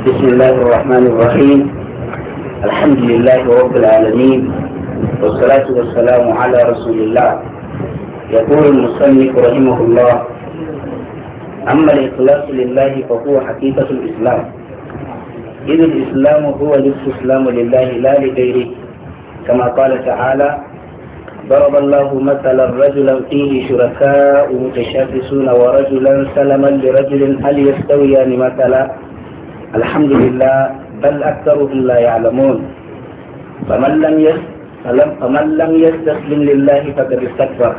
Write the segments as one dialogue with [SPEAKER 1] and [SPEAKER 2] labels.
[SPEAKER 1] بسم الله الرحمن الرحيم الحمد لله رب العالمين والصلاة والسلام على رسول الله يقول المصنف رحمه الله أما الإخلاص لله فهو حقيقة الإسلام إذ الإسلام هو الاستسلام لله لا لغيره كما قال تعالى ضرب الله مثلا رجلا فيه شركاء متشاكسون ورجلا سلما لرجل هل يستويان مثلا الحمد لله بل أكثرهم لا يعلمون فمن لم يسلم فمن لم يستسلم لله فقد استكبر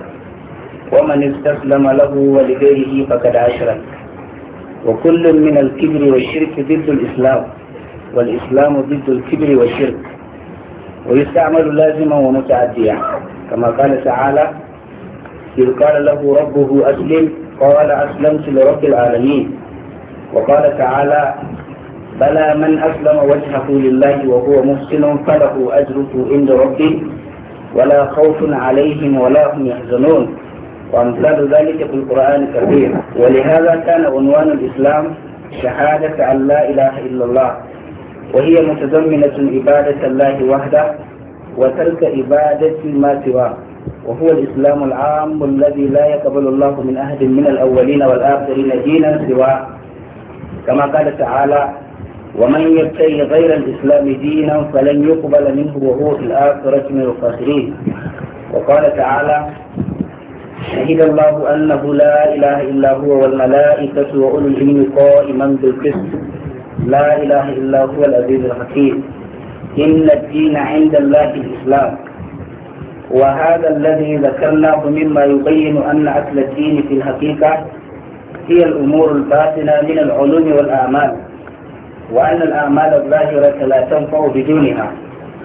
[SPEAKER 1] ومن استسلم له ولغيره فقد أشرك وكل من الكبر والشرك ضد الإسلام والإسلام ضد الكبر والشرك ويستعمل لازما ومتعديا كما قال تعالى إذ قال له ربه أسلم قال أسلمت لرب العالمين وقال تعالى بلى من أسلم وجهه لله وهو محسن فله أجره عند ربه ولا خوف عليهم ولا هم يحزنون وأمثال ذلك في القرآن الكريم ولهذا كان عنوان الإسلام شهادة أن لا إله إلا الله وهي متضمنة عبادة الله وحده وترك عبادة ما سواه وهو الإسلام العام الذي لا يقبل الله من أحد من الأولين والآخرين دينا سواه كما قال تعالى ومن يبتغي غير الإسلام دينا فلن يقبل منه وهو في الآخرة من الخاسرين وقال تعالى شهد الله أنه لا إله إلا هو والملائكة وأولو العلم قائما بالقسط لا إله إلا هو العزيز الحكيم إن الدين عند الله الإسلام وهذا الذي ذكرناه مما يبين أن أصل الدين في الحقيقة هي الأمور الباطنة من العلوم والأعمال وأن الأعمال الظاهرة لا تنفع بدونها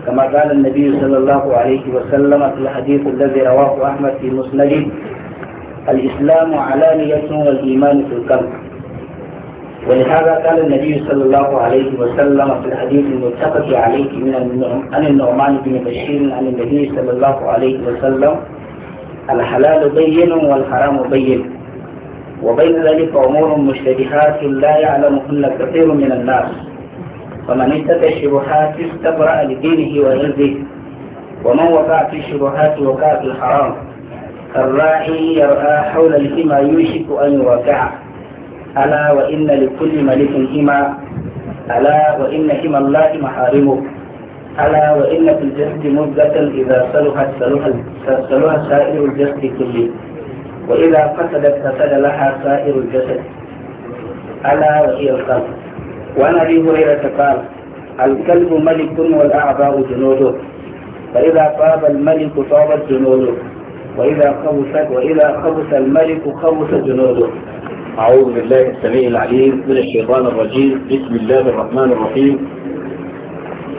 [SPEAKER 1] كما قال النبي صلى الله عليه وسلم في الحديث الذي رواه أحمد في مسنده الإسلام علانية والإيمان في القلب ولهذا قال النبي صلى الله عليه وسلم في الحديث المتفق عليه من عن النعمان بن بشير عن النبي صلى الله عليه وسلم الحلال بين والحرام بين وبين ذلك أمور مشتبهات لا يعلمهن كثير من الناس فمن اتقى الشبهات استبرأ لدينه وعرضه ومن وقع في الشبهات وقع في الحرام الراعي يرعى حول الهما يوشك أن يوقع ألا وإن لكل ملك هما ألا وإن هما الله محارمه ألا وإن في الجسد مدة إذا صلحت صلح سائر الجسد كله وإذا فسدت فسد لها سائر الجسد ألا وهي القلب وعن أبي هريرة قال الكلب ملك والأعضاء جنوده فإذا طاب الملك طابت جنوده وإذا خبث وإذا خبث الملك خبث جنوده أعوذ بالله السميع العليم من الشيطان الرجيم بسم الله الرحمن الرحيم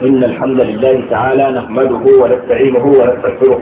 [SPEAKER 1] إن الحمد لله تعالى نحمده ونستعينه ونستغفره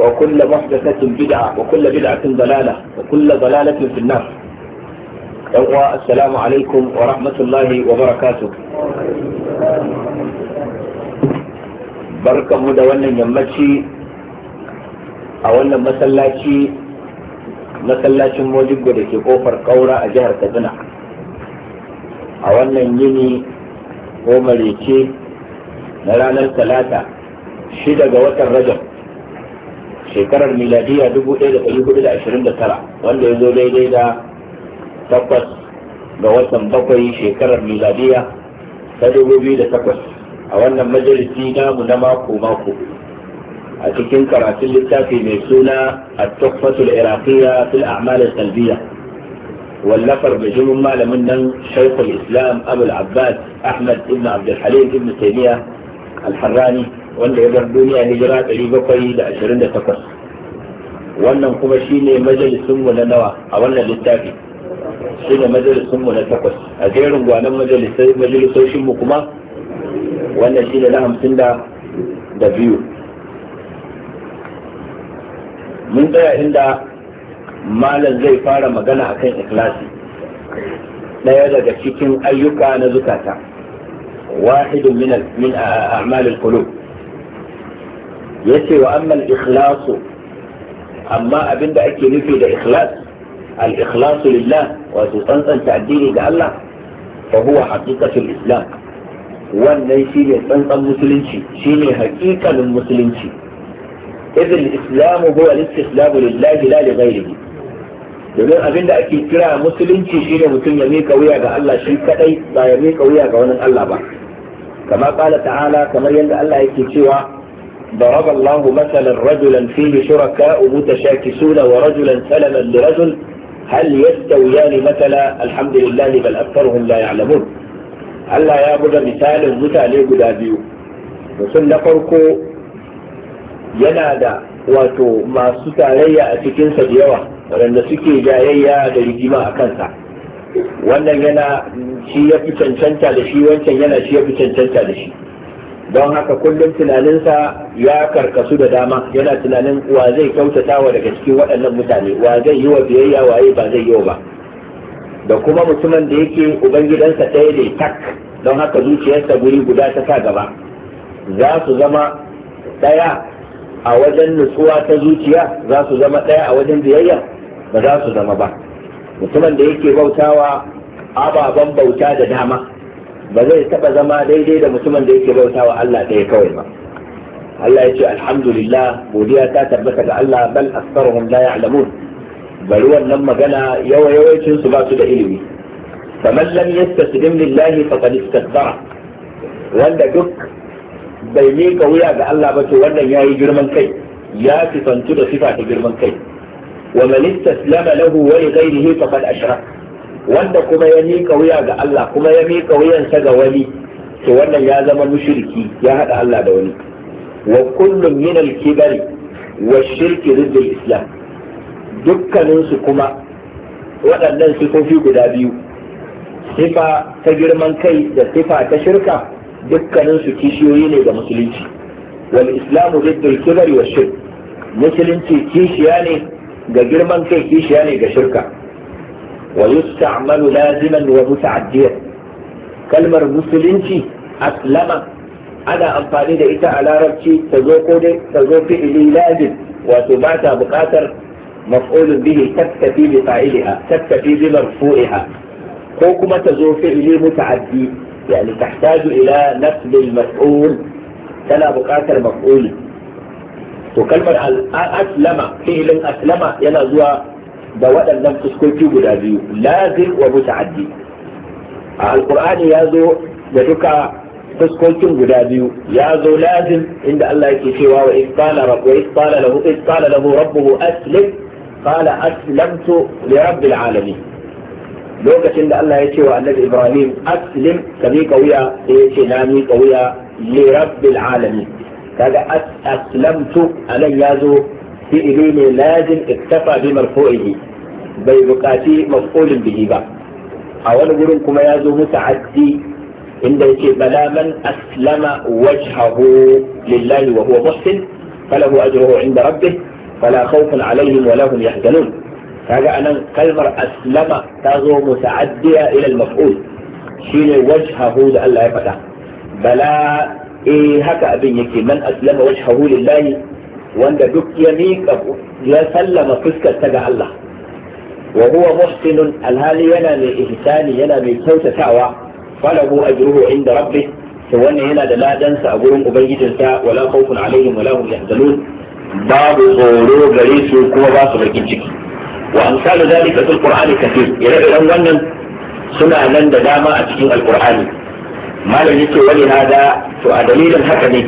[SPEAKER 1] وكل محدثة بدعة وكل بدعة ضلالة وكل ضلالة في النار يوم السلام عليكم ورحمة الله وبركاته barkan mu da wannan yammaci a wannan masallaci masallacin mojibgo da ke kofar ƙaura a jihar katsina a wannan yini ko marece na ranar talata shida ga watan rajab shekarar miladiya 1429 wanda ya zo daidai da takwas ga watan bakwai shekarar miladiya ta 2008 a wannan majalisi namu na mako-mako a cikin karatun littafi mai suna a tukfatul iraqiyya fil a'mal salbiya wallafar bijimin malamin nan shaikhul islam abul abbas ahmad ibn abdul halim ibn taymiya al-harrani wanda ya bar duniya hijira ɗari bakwai da ashirin da takwas wannan kuma shine majalisunmu na nawa a wannan littafi shine majalisunmu na takwas a jerin gwanon majalisoshinmu kuma wannan shine na hamsin da biyu mun tsaya inda malam zai fara magana akan ikhlasi ɗaya daga cikin ayyuka na zukata wahidun min a'malul qulub yace wa amma al-ikhlasu amma abinda ake nufi da ikhlas al-ikhlasu lillah wato tsantsanta addini ga Allah fa huwa haqiqatul islam wannan shine tsantsan musulunci shine haƙiƙanin musulunci islamu الإسلام هو الاستسلام لله لا لغيره domin abin da ake kira musulunci shine mutum ya mika wuya ga Allah shi kadai ba ya mika wuya ga wani Allah ba kama kala ta'ala kamar yadda Allah yake cewa ضرب الله مثلا رجلا فيه شركاء متشاكسون ورجلا سلما لرجل هل يستويان مثلا الحمد لله بل أكثرهم لا يعلمون Allah ya buga misalin mutane guda biyu mutum na farko yana da wato masu tarayya a cikinsa da yawa waɗanda suke jayayya da rigima a kansa wannan wancan yana shi ya fi cancanta da shi don haka kullum tunaninsa ya karkasu da dama yana tunanin wa zai kyautatawa daga cikin waɗannan mutane wa zai yi wa biyayya waye ba zai yi ba da kuma mutumin da yake ubangidansa ɗaya ne tak don haka zuciyarsa guri guda ta sa gaba za su zama ɗaya a wajen nutsuwa ta zuciya za su zama ɗaya a wajen biyayya ba za su zama ba mutumin da yake bautawa ababen bauta da dama ba zai taba zama daidai da mutumin da yake bauta wa Allah ɗaya kawai ba Allah ya ce alhamdulillah godiya ta tabbata ga Allah bal aktsaruhum la ya'lamun bari wannan magana yawa yawancin su ba su da ilimi faman lam yastaslim lillahi faqad istakbara wanda duk bai mika wuya ga Allah ba to wannan yayi girman kai ya fitantu da sifa ta girman kai wa man istaslama lahu wa li ghayrihi faqad ashraka wanda kuma ya miƙa wuya ga Allah kuma ya miƙa wuyansa ga wani to wannan ya zama mushriki ya haɗa Allah da wani wa kullum min al-kibari wa shirki ridda islam dukkanin su kuma waɗannan sifofi guda biyu sifa ta girman kai da sifa ta shirka dukkanin su kishiyoyi ne ga musulunci wal islam ridda al-kibari wa shirk musulunci kishiya ne ga girman kai kishiya ne ga shirka ويستعمل لازما ومتعديا كلمة مسلمتي أسلم أنا أمفاني دا إتا على ربتي تزوكو دي تزوكي إلي لازم وتباتا بقاتر مفعول به تكتفي بفاعلها تكتفي بمرفوعها كوكما تزوكي إلي متعدي يعني تحتاج إلى نفس المفعول تلا بقاتر مفعول وكلمة أسلم فعل أسلم يلا زوا da waɗannan fuskoki guda biyu lazim wa muta'addi a alqur'ani ya zo da duka fuskokin guda biyu ya zo lazim inda Allah yake cewa wa in qala rabbu in qala lahu in qala lahu rabbuhu aslim qala aslamtu li rabbil alamin lokacin da Allah ya ce wa annabi Ibrahim aslim ka miƙa wuya sai ya ce na miƙa wuya li rabbil alamin kaga aslamtu anan ya zo fi'ili ne lazim iktafa bi marfu'ihi bai buƙaci maf'ulin bihi ba a wani gurin kuma ya zo muta'addi inda yake bala man aslama wajhahu lillahi wa huwa muhsin falahu ajruhu inda rabbih fala khawfun alaihim wa lahum yahzanun kaga anan kalmar aslama ta zo muta'addiya ila al-maf'ul shine wajhahu da Allah ya faɗa bala eh haka abin yake man aslama wajhahu lillahi wanda duk ya miƙa ya sallama fuskarta ga Allah wa huwa muhsinun alhali yana mai ihsani yana mai kyautatawa falahu ajruhu inda rabbih to wannan yana da ladansa a gurin ubangijinsa wala khawfun alaihim wala hum yahzanun babu tsoro gare su kuma ba su bakin ciki wa amsalu zalika fil qur'ani kathir ire-iren wannan suna nan da dama a cikin alqur'ani malam yake wani hada to a dalilin haka ne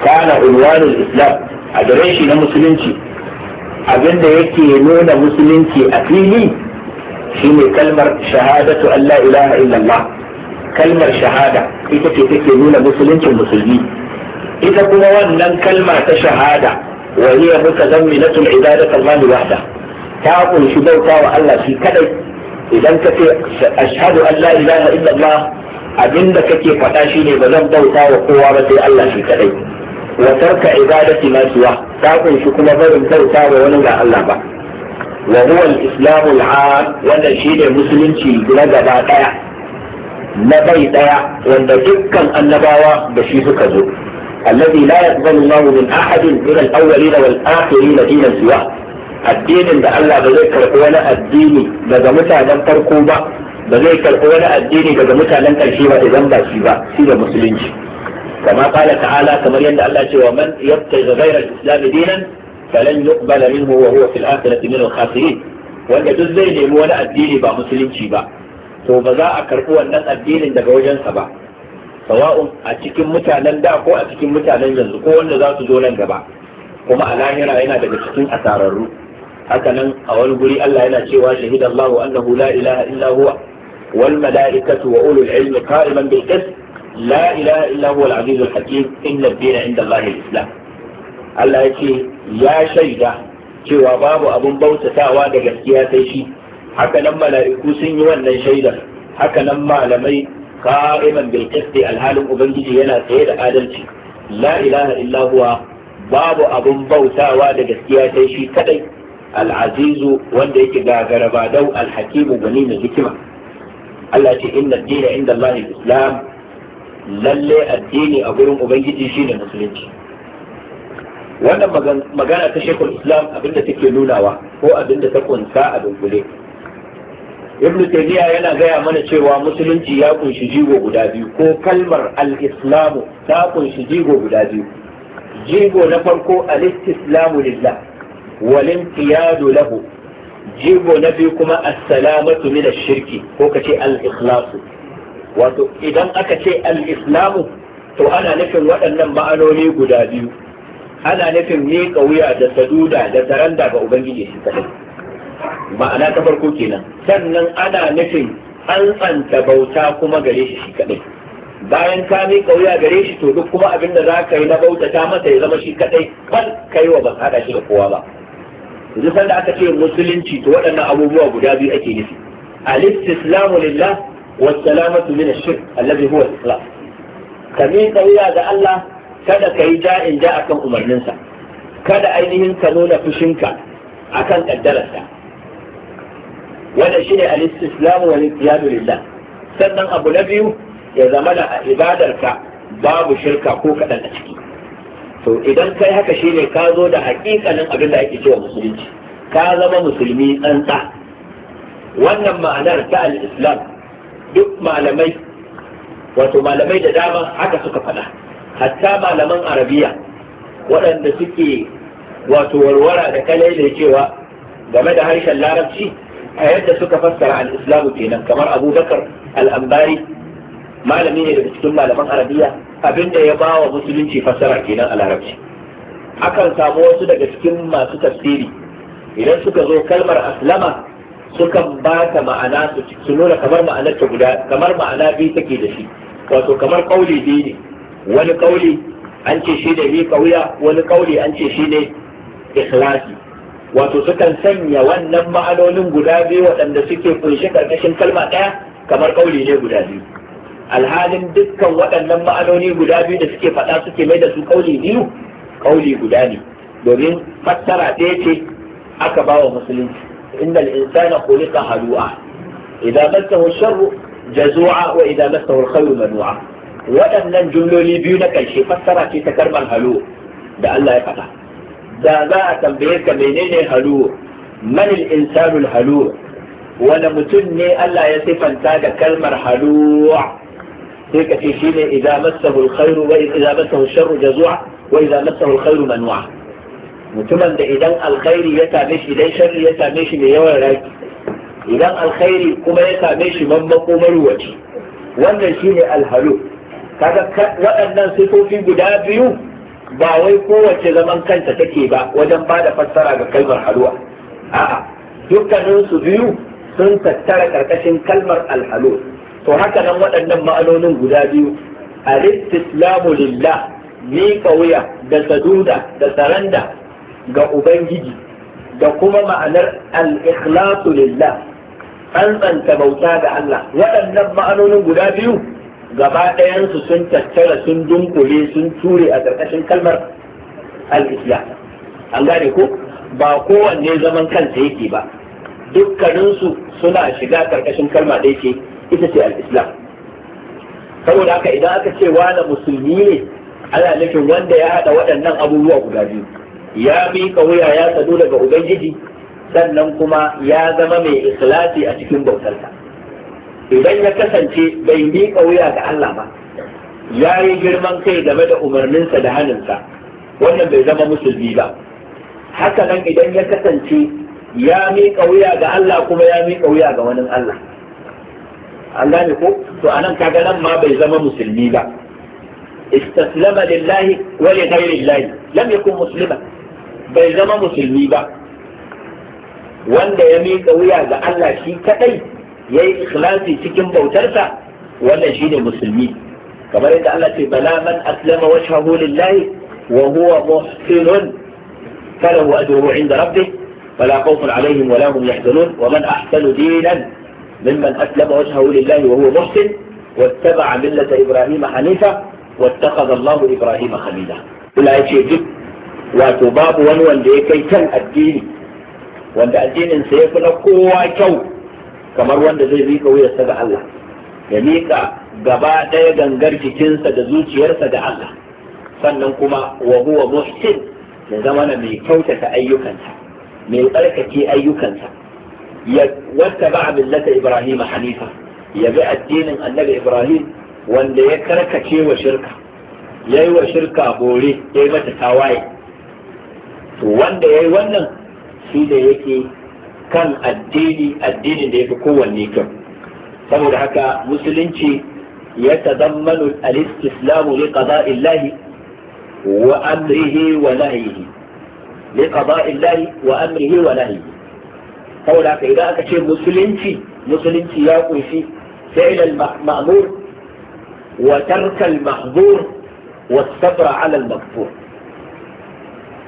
[SPEAKER 1] kana ulwanul islam a garin shi na musulunci abinda yake nuna musulunci a fili shine kalmar shahadatu allah la ilaha illallah kalmar shahada ita ce take nuna musuluncin musulmi ita kuma wannan kalma ta shahada wa hiya mutazamminatul ibadatu Allah wahda ta kunshi bauta wa Allah shi kadai idan ka ce ashhadu an la ilaha illallah abinda kake faɗa shine ba zan bauta wa kowa ba sai Allah shi kadai wa tarka ibadati ma siwa ta kunshi kuma barin bauta ga wani ga Allah ba wa huwa al-islamu al-aam wanda shine musulunci na gaba daya na bai daya wanda dukkan annabawa da shi suka zo الذي لا يقبل الله من احد من الاولين والاخرين دينا suwa. addinin da Allah ba zai karɓi wani addini daga mutanen farko ba ba zai karɓi wani addini daga mutanen ƙarshe ba idan ba shi ba shi da musulunci كما قال تعالى كما يند الله تعالى ومن يبتغي غير الإسلام دينا فلن يقبل منه وهو في الآخرة من الخاسرين wanda duk zai nemi wani addini ba musulunci ba to ba za a karɓi wannan addinin daga wajensa ba sawa'un a cikin mutanen da ko a cikin mutanen yanzu ko wanda za su zo nan gaba kuma a lahira yana daga cikin asararru haka nan a wani guri Allah yana cewa shahidallahu annahu la ilaha illa huwa wal mala'ikatu wa ulul ilmi la ilaha illa huwa al-aziz al dina inda Allah islam Allah ya ce ya shaida cewa babu abun bautatawa da gaskiya sai shi haka nan mala'iku yi wannan shaidar hakanan malamai qa'iman bil qisti alhalin ubangiji yana tsaye da adalci la ilaha babu abun bautawa da gaskiya sai shi kadai al'azizu wanda yake gagara ba dau gani Allah ce dina inda islam lalle addini a gurin ubangiji shine musulunci wannan magana ta shekul islam abinda take nunawa ko abinda ta kunsa a dunkule ibn taymiya yana gaya mana cewa musulunci ya kunshi jigo guda biyu ko kalmar al-islamu ta kunshi jigo guda biyu jigo na farko al-istislamu lillah wal inqiyadu lahu jigo na biyu kuma as-salamatu min ash-shirki ko kace al-ikhlasu wato idan aka ce al-islamu to ana nufin waɗannan ma'anoni guda biyu ana nufin miƙa wuya da saduda da taranda ga ubangiji shi kadai ma'ana ta farko kenan sannan ana nufin an tsanta bauta kuma gare shi shi kadai bayan ka miƙa wuya gare shi to duk kuma abin da za yi na ta masa ya zama shi kadai kan kai wa ba hada shi da kowa ba yanzu sanda aka ce musulunci to waɗannan abubuwa guda biyu ake nufi al-islamu lillah والسلامة من الشرك الذي هو الإخلاص كمين قوية ذا الله كذا كي جاء إن جاء كم أمر ننسى كذا أينهم كنون فشنك أكن الدرسة ولا شيء الاستسلام والانقياد لله sannan abu na biyu ya zama da ibadarka babu shirka ko kaɗan a ciki to idan kai haka ne ka zo da hakikanin abin da ake cewa musulunci ka zama musulmi tsantsa wannan ma'anar ta al-islam duk malamai wato malamai da dama haka suka faɗa hatta malaman arabiya waɗanda suke wato warwara da kalai cewa game da harshen larabci a yadda suka fassara al-islamu kenan kamar abubakar al-ambari malami ne daga cikin malaman arabiya abinda ya bawa musulunci fassara kenan a larabci akan samu wasu daga cikin masu tafsiri idan suka zo kalmar aslama sukan ba ta ma'ana su nuna kamar ma'anar ta guda kamar ma'ana biyu take da shi wato kamar kauli biyu ne wani kauli an ce shi ne mi kauya wani kauli an ce shi ne ikhlasi wato sukan sanya wannan ma'anonin guda biyu waɗanda suke kunshi karkashin kalma ɗaya kamar kauli ne guda biyu alhalin dukkan waɗannan ma'anoni guda biyu da suke faɗa suke mai da su kauli biyu kauli guda ne domin fassara ɗaya ce aka ba wa musulunci إن الإنسان خلق هلوعا إذا مسه الشر جزوعا وإذا مسه الخير منوعا ودن لن جملو لي بيونا كان شيء فترى في تكرم الهلوع دا الله يقطع دا ما أتنبيك منين الهلوع من الإنسان الهلوع وانا الا يصف انت كلمة هلوع تلك في شيء اذا مسه الخير واذا مسه الشر جزوع واذا مسه الخير منوع mutumin da idan alkhairi ya same shi idan sharri ya same shi mai yawan raki idan alkhairi kuma ya same shi mammako maruwaci wannan shine alhalu kaga waɗannan sifofi guda biyu ba wai kowace zaman kanta take ba wajen ba da fassara ga kalmar haluwa. a'a dukkanin su biyu sun tattara karkashin kalmar alhalu to haka nan waɗannan ma'anonin guda biyu al-istislamu lillah ni kauya da saduda da saranda ga ubangiji da kuma ma'anar al-ikhlasu lillah tsantsanta bauta ga Allah waɗannan ma'anonin guda biyu gaba ɗayansu sun tattara sun dunkule sun ture a ƙarƙashin kalmar al-islam an gane ko ba kowanne zaman kansa yake ba dukkaninsu suna shiga ƙarƙashin kalma da yake ita ce al-islam saboda haka idan aka ce wani musulmi ne ana nufin wanda ya haɗa waɗannan abubuwa guda biyu ya bi wuya ya tsado daga ubangiji sannan kuma ya zama mai ikhlasi a cikin bautarsa idan ya kasance bai bi wuya ga Allah ba ya yi girman kai game da umarninsa da hannunsa wannan bai zama musulmi ba haka nan idan ya kasance ya miƙa wuya ga Allah kuma ya miƙa wuya ga wani Allah an gane ko to anan kaga nan ma bai zama musulmi ba istaslama lillahi wa li ghayri llahi lam yakun musliman bai zama musulmi ba wanda ya miƙa wuya ga Allah shi kadai ya yi ikhlasi cikin bautarsa wannan shi ne musulmi kamar yadda Allah ce bala man aslama wajhahu lillahi wa huwa muhsinun falahu ajruhu inda rabbih فلا خوف عليهم ولا هم يحزنون ومن أحسن دينا ممن أسلم وجهه لله وهو محسن واتبع ملة إبراهيم حنيفا واتخذ الله إبراهيم خليلا. ولا يشيء wato babu wani wanda ya kai kan addini wanda addininsa ya fi na kowa kyau kamar wanda zai miƙa wuyarsa ga Allah ya miƙa gaba ɗaya gangar jikinsa da zuciyarsa ga Allah sannan kuma wa huwa muhsin ya zama na mai kyautata ayyukansa mai tsarkake ayyukansa ya wata ba millata Ibrahim Hanifa ya bi addinin Annabi Ibrahim wanda ya karkace wa shirka yayi wa shirka bore yayi mata tawaye to wanda yi wannan shi da yake kan addini addinin da ya fi kowanne kan. saboda haka musulunci ya tazammanu al-istislamu li qada'illahi wa amrihi wa nahyihi li qada'illahi wa amrihi wa nahyihi saboda haka idan aka ce musulunci musulunci ya kunshi fi'l al-ma'mur wa tarka al-mahdhur wa sabra 'ala al-maghfur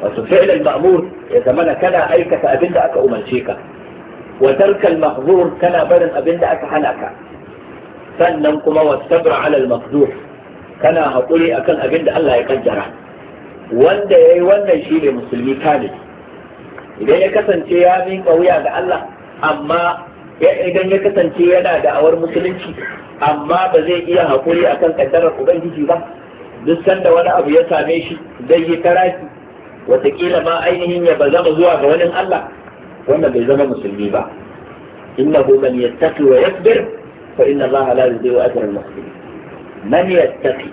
[SPEAKER 1] wato fi'l al-ma'mur ya zamana kana aikata abin da aka umarce ka wa tarka al-mahzur kana barin abin da aka hana ka sannan kuma wasabra ala al-maqdur kana haƙuri akan abin da Allah ya kaddara wanda yayi wannan shi ne musulmi kamil idan ya kasance ya miƙa wuya ga Allah amma idan ya kasance yana da'awar musulunci amma ba zai iya hakuri akan kaddarar ubangiji ba duk sanda wani abu ya same shi zai yi karaki Watakila ma ainihin ya bazama zuwa ga wani Allah wanda bai zama musulmi ba Inna hu man yattaqi wa yasbir fa inna Allah la yudhi'u ajra al-muhsinin man yattaqi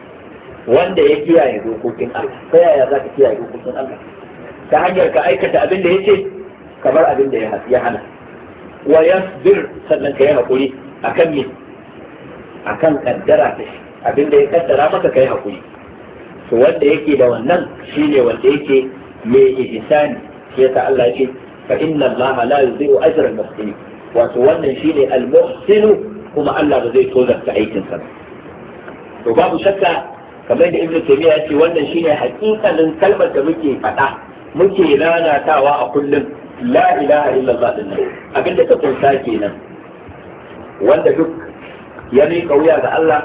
[SPEAKER 1] wanda ya kiyaye dokokin Allah ta yaya za ka kiyaye dokokin Allah ta hanyar ka aikata abin da yake kamar abin da ya hana wa yasbir sannan ka yi hakuri akan me akan kaddara ta shi. abin da ya kaddara maka kai hakuri to wanda yake da wannan shine wanda yake mai ihsani shi yasa Allah yake fa inna Allah la yudhi'u ajra al-muhsinin wato wannan shine al kuma Allah ba zai tozarta aikin sa to babu shakka kamar da Ibn Taymiyyah ya ce wannan shine hakikalin kalmar da muke faɗa muke lalatawa a kullum la ilaha illallah din nan abinda ta kunsa kenan wanda duk ya miƙa wuya ga Allah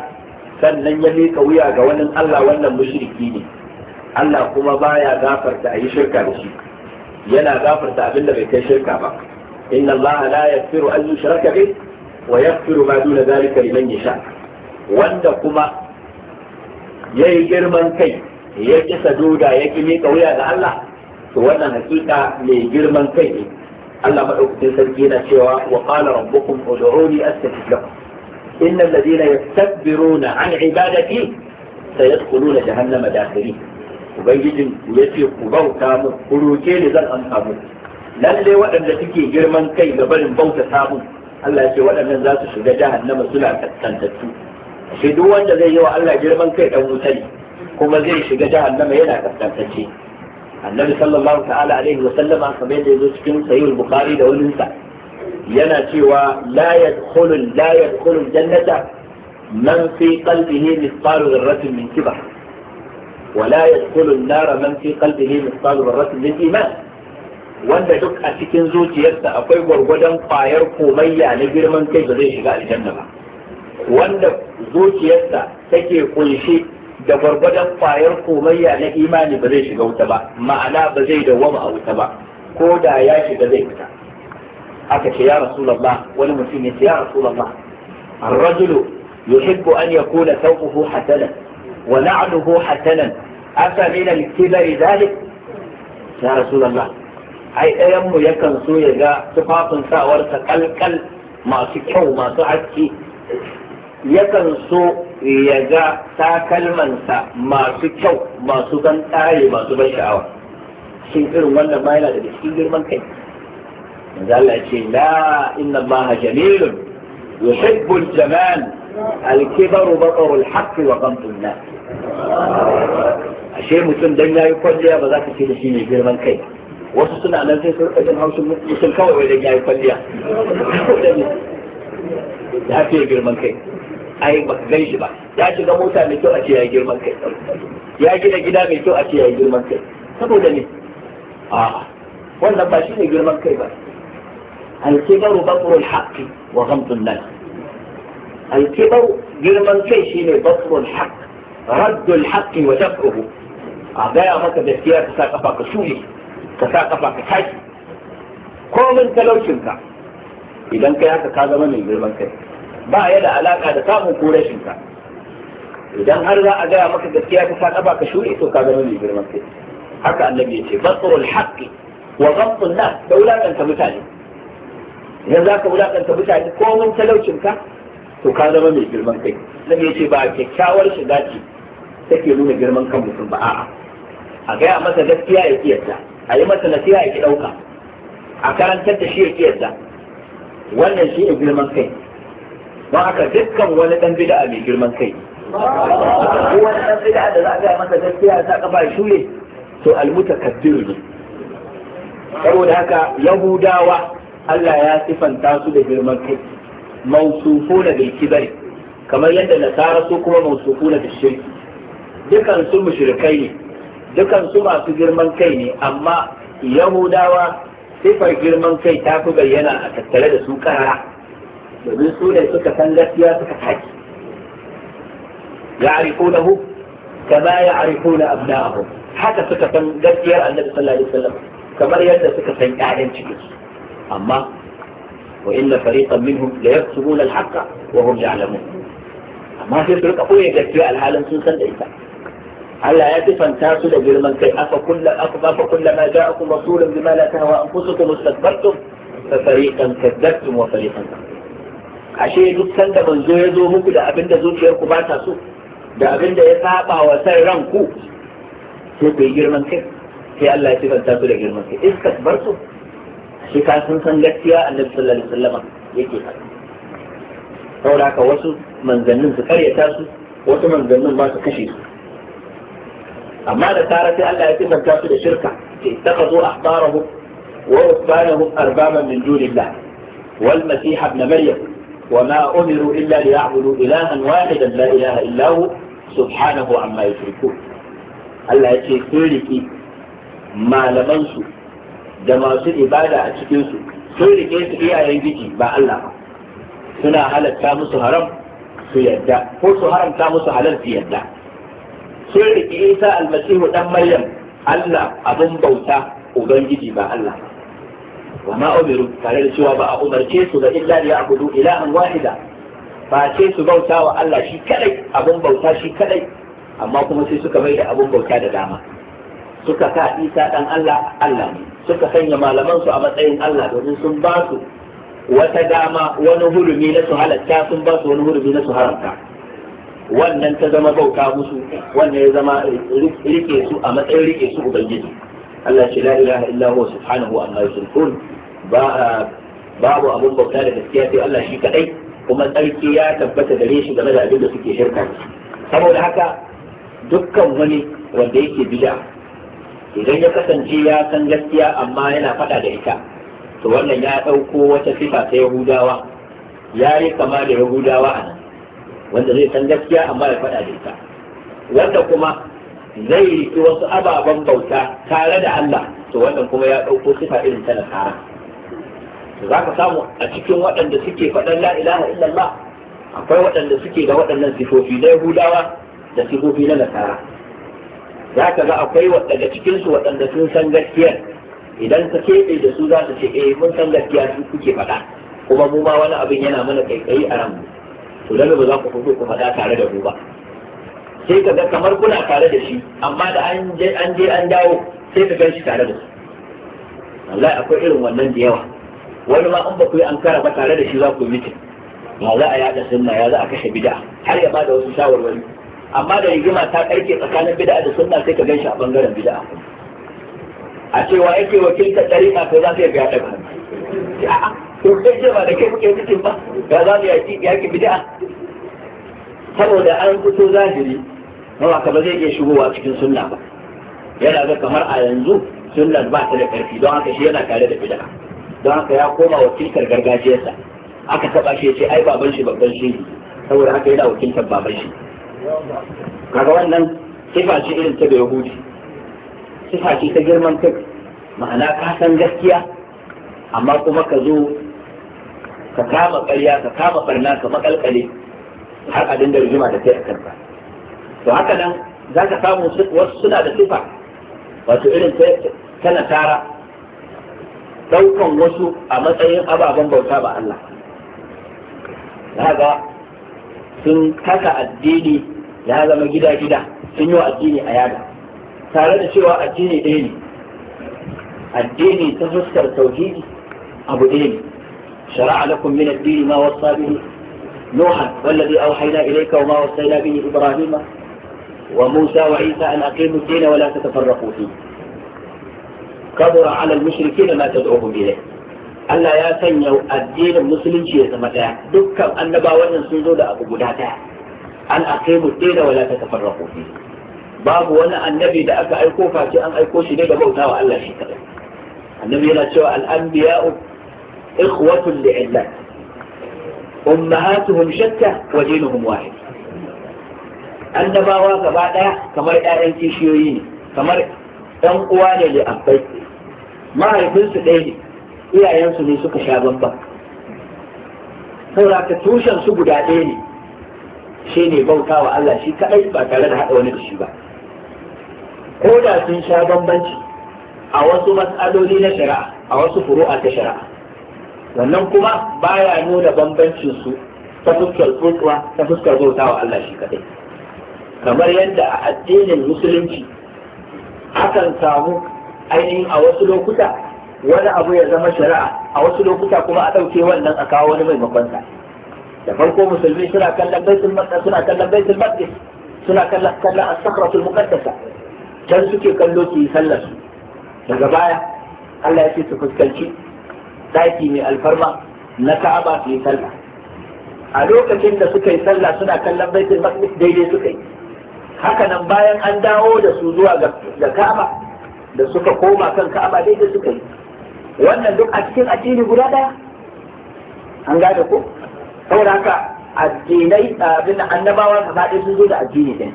[SPEAKER 1] sannan ya mika wuya ga wani Allah wannan mushriki ne Allah kuma baya gafarta a yi shirka da shi yana gafarta abin da bai kai shirka ba inna Allah la yaghfiru an yushraka bih wa yaghfiru ma duna zalika liman yasha wanda kuma yayi girman kai ya ki saduda ya ki mika wuya ga Allah to wannan hakika mai girman kai ne Allah madaukakin sarki yana cewa wa qala rabbukum ud'uni astajib lakum innal ladina yastakbiruna an ibadati sayadkhuluna jahannama dakhirin ubangijin ku yace ku bauta mu ku roke ni zan amsa mu lalle waɗanda suke girman kai ga barin bauta samu Allah ya ce waɗannan za su shiga jahannama suna kaskantattu shi duk wanda zai yi wa Allah girman kai dan wuta ne kuma zai shiga jahannama yana kaskantacce annabi sallallahu ta'ala alaihi wa sallama kamar yadda zo cikin sahih bukhari da wani sa yana cewa la yadkhulu la yadkhulu jannata man fi qalbihi mithqalu dharratin min kibar wa la yadkhulu an-nar man fi qalbihi mithqalu dharratin min iman wanda duk a cikin zuciyarsa akwai gwargwadon kwayar komayya na girman kai ba zai shiga aljanna ba wanda zuciyarsa take kunshe da gwargwadon kwayar komayya na imani ba zai shiga wuta ba ma'ana ba zai dawwama a wuta ba ko da ya shiga zai fita aka ce ya rasulallah wani mutum ya ce ya rasulallah ar-rajulu yuhibbu an yakuna thawbuhu hatanan wa na'luhu hatanan afa min al-kibari dhalik ya rasulallah. ai ɗayan mu yakan so ya ga tufafin sawarsa kalkal masu kyau masu haske yakan so ya ga takalmansa masu kyau masu ban tsare masu ban sha'awa shin irin wannan ma yana da cikin girman kai قال لا إن الله جميل يحب الجمال الكبر بطر الحق وغمط الناس الشيء مسلم دينا يقول لي هذا ذاك الشيء الشيء يجير من كي وصلنا على ذلك الأجن هو مسلم كوي ولا يقول لي هذا الشيء يجير من كي أي مكذي شبا ذاك إذا موسى ميتو أشياء يجير من كي يا جينا جينا ميتو أشياء يجير من كي سبو آه وانا باشين يجير من كي الكبر بطر الحق وغمض النفس الكبر girman kai shine batrul haq raddul haqqi wa daf'uhu a gaya maka gaskiya ka sa kafa ka ka sa kafa ka tashi komin idan kai haka ka zama mai girman kai ba ya da alaka da samun ko rashin ka idan har za a gaya maka gaskiya ka sa kafa ka to ka zama mai girman kai haka annabi ya ce batrul haqqi wa ghamtun nas daulatan ta mutane yanzu za ka wulakanta mutane komin talaucinka to ka zama mai girman kai nabi ce ba kyakkyawar shiga ce take nuna girman kan mutum ba a'a a gaya masa gaskiya ya kiyarta a yi masa nasiha ya ki ɗauka a karantar da shi ya kiyarta wannan shi ne girman kai don haka dukkan wani ɗan bid'a mai girman kai ko wani ɗan bid'a da za a gaya masa gaskiya ya sa kafa ya to to almutakabbir ne saboda haka yahudawa Allah ya sifanta su da girman kai mausufu da bilkibari kamar yadda nasara su kuma mausufu da shirki dukan su mushrikai ne dukan su masu girman kai ne amma yahudawa sifar girman kai ta fi bayyana a tattare da su kara domin su ne suka san gaskiya suka taki ya'rifunahu kama ya'rifuna abna'ahum haka suka san gaskiyar annabi sallallahu alaihi wasallam kamar yadda suka san ƴaƴan cikin su amma wa inna fariqan minhum la yaktubuna al-haqqa wa hum ya'lamun amma sai su rika koyi gaskiya alhalin sun san ita Allah ya sifanta su da girman kai aka kullu aka wa ashe duk sanda manzo ya zo muku da abinda zuciyarku ba ta so da abin da ya saba wa san ranku sai ku yi girman kai sai Allah ya sifanta su da girman kai iska bar su shi ka sun san gaskiya annabi sallallahu alaihi wasallam yake faɗi saboda haka wasu manzannin su karyata su wasu manzannin ba su kashe su amma da tara sai Allah ya kimanta su da shirka ce takazu ahbarahum wa usbanahum arbaban min dunillah wal masih ibn maryam wa وما أمروا إلا ليعبدوا إلها واحدا لا إله إلا هو سبحانه عما يشركون Allah ya ce sun riki malamansu da masu ibada a cikinsu sun rike su iyayen giji ba Allah ba suna halatta musu haram su yadda ko su haramta musu halal su yadda sun rike isa almasihu dan maryam Allah abin bauta ubangiji ba Allah wa ma umiru tare da cewa ba a umarce su ga illa ya abudu ilahan wahida ba ce su bauta wa Allah shi kadai abin bauta shi kadai amma kuma sai suka mai da abin bauta da dama suka sa isa dan Allah Allah ne suka sanya malaman su a matsayin Allah domin sun ba su wata dama wani hurumi na su halatta sun ba su wani hurumi na su haramta wannan ta zama bauta musu wannan ya zama rike su a matsayin rike su ubangiji Allah ce la ilaha illa huwa subhanahu amma yushrikun ba babu abun bauta da gaskiya sai Allah shi kadai kuma tsarki ya tabbata gare shi game da abin da suke shirka saboda haka dukkan wani wanda yake bid'a idan ya kasance ya san gaskiya amma yana faɗa da ita to wannan ya ɗauko wata sifa ta yahudawa ya yi kama da yahudawa a nan wanda zai san gaskiya amma ya faɗa da ita wanda kuma zai yi wasu ababen bauta tare da Allah to wannan kuma ya ɗauko sifa irin ta nasara za ka samu a cikin waɗanda suke faɗan la ilaha illallah akwai waɗanda suke da waɗannan sifofi na yahudawa da sifofi na nasara za ka ga akwai daga cikinsu waɗanda sun san gaskiyar idan ka keɓe da su za su ce eh mun san gaskiya su kuke faɗa kuma mu ma wani abin yana mana kaikayi a ranmu to dole ba za ku fito ku faɗa tare da mu ba sai ka ga kamar kuna tare da shi amma da an je an je an dawo sai ka ganshi tare da su wallahi akwai irin wannan da yawa wani ma in ba ku yi an kara ba tare da shi za ku yi mitin ya za a yaɗa sunna ya za a kashe bid'a har ya bada wasu shawarwari amma da rigima ta karke tsakanin bid'a da sunna sai ka ganshi a bangaren bid'a a cewa yake wakilta tsarika ko za ka ga da a'a to sai ce ba da kai kuke cikin ba ga za mu yaki yaki bid'a saboda an fito zahiri mawaka ba zai iya shigowa cikin sunna ba yana ga kamar a yanzu sunna ba ta da karfi don haka shi yana tare da bid'a don haka ya koma wakiltar gargajiyarsa aka taba shi ya ce ai baban shi babban shi saboda haka yana wakiltar baban shi kaga wannan sifa ce irin ta da yahudi sifa ce ta girman kai ma'ana ka san gaskiya amma kuma ka zo ka kama ƙarya ka kama barna ka makalkale
[SPEAKER 2] har a dinga rigima da
[SPEAKER 1] kai a kanka to haka nan za ka samu wasu suna da sifa wato irin ta nasara ɗaukan wasu a matsayin ababen bauta ba Allah ga sun kasa addini ya zama gida-gida sun yi wa addini a yada tare da cewa addini ɗaya ne addini ta fuskar tauhidi abu ɗaya ne shara'a lakum min addini ma wasa bihi نوحا والذي أوحينا wa وما وصينا به إبراهيم وموسى وعيسى أن أقيموا الدين ولا تتفرقوا kabura كبر على المشركين ما تدعوهم إليه Allah ya sanya addinin musulunci ya zama ɗaya dukkan annabawan sun zo da abu guda ɗaya an aqimu ad-din wa la tatafarraqu fihi babu wani annabi da aka aiko face an aiko shi ne ga bautawa Allah shi kadai annabi yana cewa al-anbiya'u ikhwatun li'illat ummahatuhum shatta wa dinuhum wahid annabawa gaba daya kamar ƴaƴan kishiyoyi ne kamar ɗan uwa ne da abbai mahaifinsu ɗaya ne iyayensu ne suka sha bamban saboda ka tushen su guda ɗaya ne shi ne bauta wa Allah shi kaɗai ba tare da haɗa wani da shi ba ko da sun sha bambanci a wasu matsaloli na shari'a a wasu furu'a ta shari'a wannan kuma baya nuna bambancin su ta fuskar tsotuwa ta fuskar bauta wa Allah shi kaɗai kamar yadda a addinin musulunci akan samu ainihin a wasu lokuta wani abu ya zama shari'a a wasu lokuta kuma a ɗauke wannan a kawo wani maimakonsa. da farko musulmi suna kallon baitul maqdis suna kallon baitul maqdis suna kallon kallon as-sakratul muqaddasa dan suke kallo ki sallar su daga baya Allah ya ce su fuskanci daki mai alfarma na Ka'aba su sallar. sallah a lokacin da suka yi sallah suna kallon baitul maqdis daidai suka yi haka nan bayan an dawo da su zuwa ga Ka'aba da suka koma kan Ka'aba daidai suka yi wannan duk a cikin addini guda daya an gane ko saboda haka addinai abin da annabawa gaba ɗaya sun zo da addini ɗin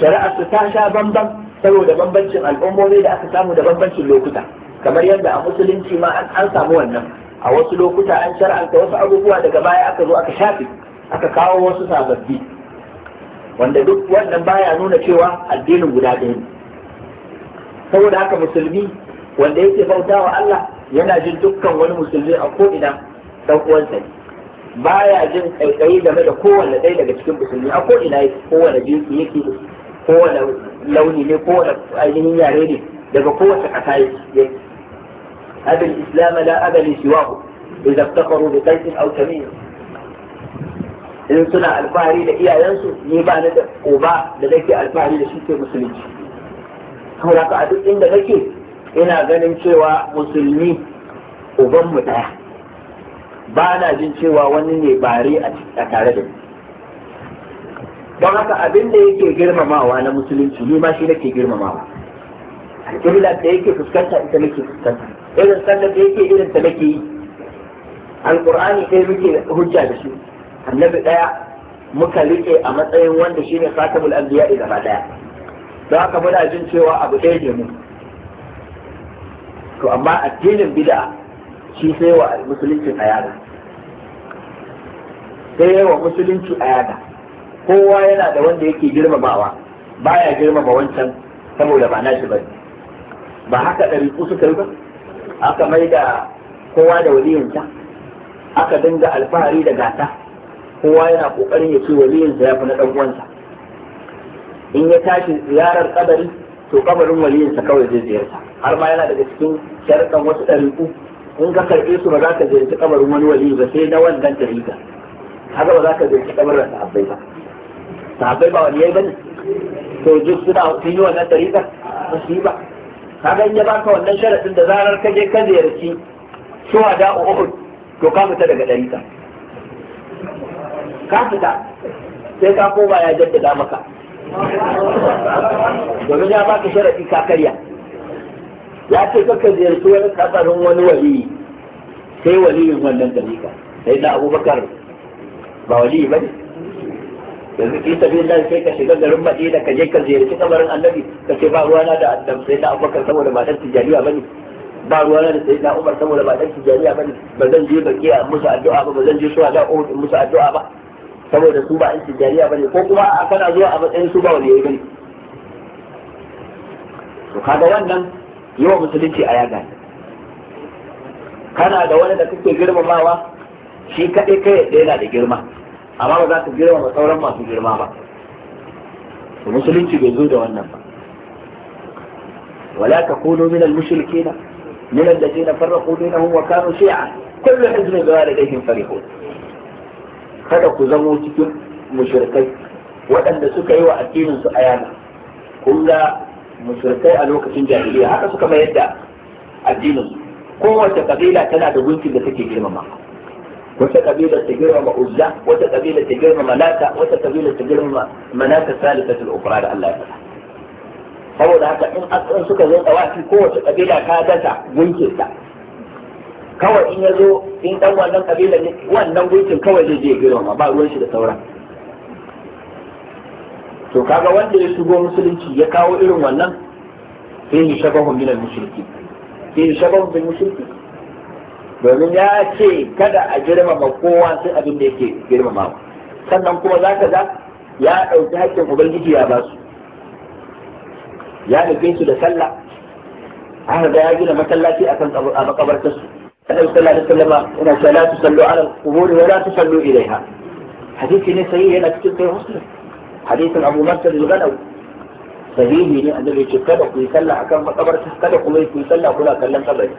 [SPEAKER 1] shari'ar su ta sha bamban saboda bambancin al'ummomi da aka samu da bambancin lokuta kamar yadda a musulunci ma an samu wannan a wasu lokuta an shar'anta wasu abubuwa daga baya aka zo aka shafe aka kawo wasu sababbi wanda duk wannan baya nuna cewa addinin guda ɗaya ne saboda haka musulmi wanda yake bautawa Allah yana jin dukkan wani musulmi a ko ina dan uwansa ne baya jin kaikayi game da kowanne ɗaya daga cikin musulmi a ko ina yake kowanne jinsi yake kowanne launi ne kowanne ainihin yare ne daga kowace ƙasa yake abin islam la abali siwahu idan takaru da qaisin autami in suna alfahari da iyayensu ni ba ni da oba da nake alfahari da shi ke musulunci saboda a duk inda nake ina ganin cewa musulmi ubanmu ɗaya ba na jin cewa wani ne bare a tare da don haka abin da yake girmamawa na musulunci ni ma shi nake girmamawa alƙibla da yake fuskanta ita nake fuskanta irin sallar da yake irin ta nake yi alƙur'ani ɗaya muke hujja da shi annabi ɗaya muka riƙe a matsayin wanda shine khatamul anbiya gaba ɗaya don haka muna jin cewa abu ɗaya ne mu to amma addinin bid'a shi sai wa musulunci yada sai wa musulunci yada kowa yana da wanda yake girmamawa baya girmama wancan saboda ba nashi shi ba haka ɗari suka yi ba aka mai da kowa da waliyanta, aka dinga alfahari da gata kowa yana ƙoƙarin ya ce waliyansa ya fi na ɗan uwansa in ya tashi ziyarar kabari to kabarin waliyansa kawai zai ziyarta har ma yana daga cikin sharɗan wasu ɗariƙu in ka karɓe su ba za ka ziyarci kamar wani wali ba sai na wannan tarika haka ba za ka ziyarci da sahabbai ba sahabbai ba waliyai ba ne to duk suna sun yi wannan tarika ba su yi ba haka in ya baka wannan sharaɗin da zarar ka je ka ziyarci da uhud to ka fita daga tarika ka fita sai ka koma ya jaddada maka domin ya baka sharaɗi ka karya ya ce kaka ziyarci wani kabarin wani wali sai waliyin wannan dalika sai da abubakar ba wali ba ne yanzu ki tafi Allah sai ka shiga garin Madina ka je ka ziyarci kamarin Annabi ka ce ba ruwana da adam sai da Abubakar saboda ba dan ba ne ba ruwana da sai da Umar saboda ba dan ba ne ba zan je baki a musu addu'a ba ba zan je su da Uhud musu addu'a ba saboda su ba dan ba ne ko kuma a kana zuwa a matsayin su ba waliyai ne to kaga wannan yi wa musulunci a yaga kana da wani da kake girmamawa shi kaɗai kai da yana da girma amma ba za ka girmama sauran masu girma ba musulunci bai zo da wannan ba Wala kuno min al من المشركين من الذين فرقوا دينهم وكانوا شيعا كل حزب بما لديهم فرحون kada ku zamo cikin mushrikai waɗanda suka yi wa addinin su ayana kun ga musulkai a lokacin jahiliya haka suka mayar da addinin kowace kabila tana da gunkin da take girmama wata kabila ta girmama uzza wata kabila ta girmama lata wata kabila ta girmama manata salisatul ukra da Allah ya faɗa saboda haka in asalin suka zo tsawaki kowace kabila ta dasa gunkin ta kawai in ya in dan wannan kabila ne wannan gunkin kawai zai je girmama ba ruwan shi da sauran to kaga wanda ya shigo musulunci ya kawo irin wannan fihi shabahun min al-mushriki fihi shabahun bil mushriki domin ya ce kada a girmama kowa sai abin da yake girmama sannan kuma zaka ga ya dauki hakkin ubangiji ya basu ya nufe su da sallah aka ga ya gina masallaci akan a makabartar su annabi sallallahu alaihi wasallama yana cewa la tusallu ala al-qubur wa la tusallu ilaiha hadisi ne sai yana cikin sai muslim hadisin abu masar al sahihi ne a annabi ce kada ku yi sallah a kan makabarta kada ku yi ku sallah kuna kallon kabari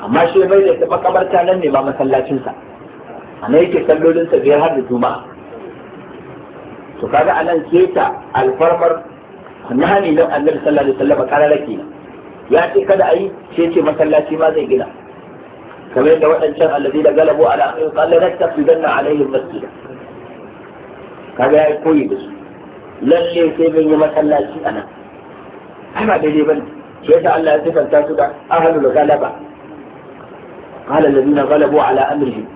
[SPEAKER 1] amma shi bai da ta makabarta nan ne ba masallacinsa
[SPEAKER 2] a
[SPEAKER 1] nan yake sallolinsa biyar har da juma". to kaga a anan keta alfarmar nahani nan annabi sallallahu alaihi wasallam kararraki ya ce kada ayi sai ce masallaci ma zai gina kamar yadda waɗancan allazi da galabu ala an qalla naktafidanna alaihim masjida kaga ya koyi da su lalle sai mun yi masallaci a nan ana daidai bane shi yasa Allah ya sifanta su da ahlul ghalaba qala alladhina ghalabu ala amrihim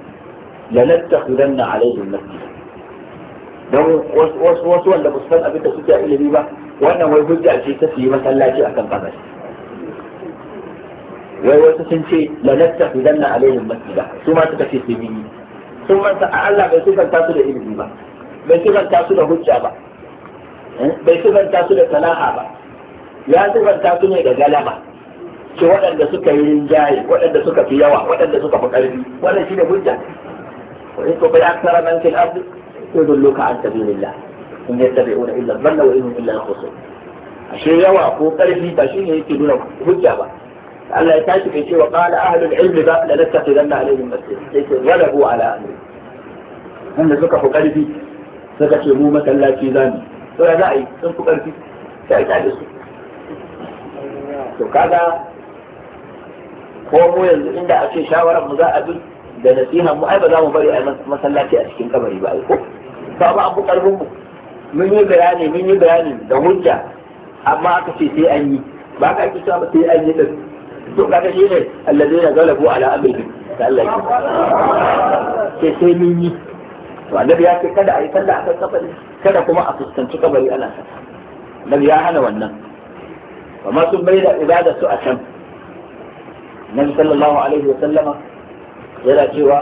[SPEAKER 1] lanattakhidanna alaihim masjida dan wasu wasu wanda ba su san abin da suke a ilimi ba wannan wai hujja ce ta su yi masallaci akan kabar wai wasu sun ce lanattakhidanna alaihim masjida su ma suka ce sai mun yi sun manta Allah bai sifanta su da ilimi ba bai sifanta su da hujja ba bai sifanta su da salaha ba ya sifanta su ne da galaba ce waɗanda suka yi rinjaye waɗanda suka fi yawa waɗanda suka fi ƙarfi wannan shi ne hujja wani ko bai aksara man fil ardi to dulluka an sabilillah in yattabi'una illa dhanna wa innahum illa yakhrusun ashe yawa ko ƙarfi ba shi ne yake nuna hujja ba Allah ya tashi kai cewa qala ahlul ilmi ba la nattaqidanna alaihim masjid sai ce ghalabu ala amri wanda suka fi ƙarfi suka ce mu masallaci za mu to ya za a yi sun fi ƙarfi ta ta da su to kaga ko mu yanzu inda a ce shawarar mu za a bi da nasiha mu ai ba za mu bari a masallaci a cikin kabari ba ko ba ba abu karfin mu mun yi bayani mun yi bayani da hujja amma aka ce sai an yi ba ka ki cewa sai an yi din to kaga shi ne alladheena galabu ala amrihim ta Allah ya ce sai mun yi to annabi ya ce kada a yi sallah akan kabari kada kuma a fuskanci kabari ana sallah annabi ya hana wannan amma sun bai da ibada su a can nan sallallahu alaihi wa sallama yana cewa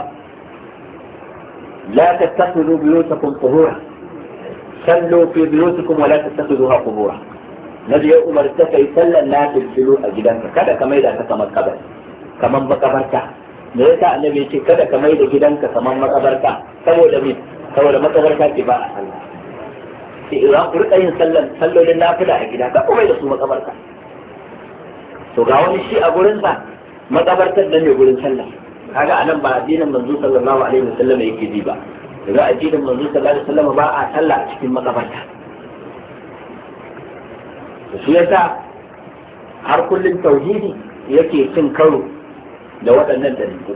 [SPEAKER 1] لا تتخذوا بيوتكم قبورا صلوا في بيوتكم ولا تتخذوها قبورا nabi ya umarta kai sallan na filfilu a gidanka kada ka maida ta kamar kabari kamar makabarta me yasa annabi yace kada ka mai da gidanka kamar makabarka saboda min saboda makabarka ke ba a sallah sai idan ku rika yin sallan sallolin nafila a gida ka kuma da su makabarka to ga wani shi a gurin sa makabartar da ne gurin sallah kaga anan ba addinin manzo sallallahu alaihi wasallam yake ji ba daga addinin manzo sallallahu alaihi wasallam ba a sallah a cikin makabarta to shi yasa har kullun tauhidi yake cin karo da waɗannan ɗariƙu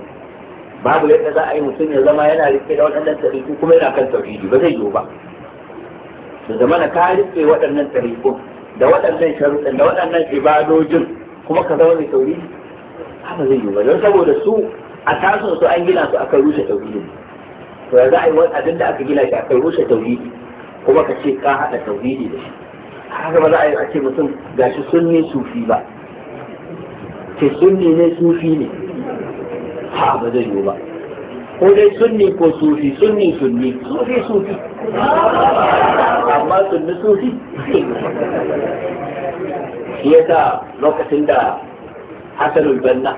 [SPEAKER 1] babu yadda za a yi mutum ya zama yana rike da waɗannan ɗariƙu kuma yana kan tauhidi ba zai yiwu ba da na ka rike waɗannan ɗariƙu da waɗannan sharuɗin da waɗannan ibadojin kuma ka zama mai tauhidi ba zai yiwu ba don saboda su a tasun su an gina su akan rushe tauhidin to ya za a yi wani abin da aka gina shi akan rushe tauhidi kuma ka ce ka haɗa tauhidi da shi haka ba za a yi a ce mutum gashi sunni sufi ba ce sunni ne sufi ne حاضر دا يوبا قولي سني كو سوفي سني سني سوفي
[SPEAKER 2] سوفي اما سن
[SPEAKER 1] سوفي سيتا لوكا سندا حسن البنا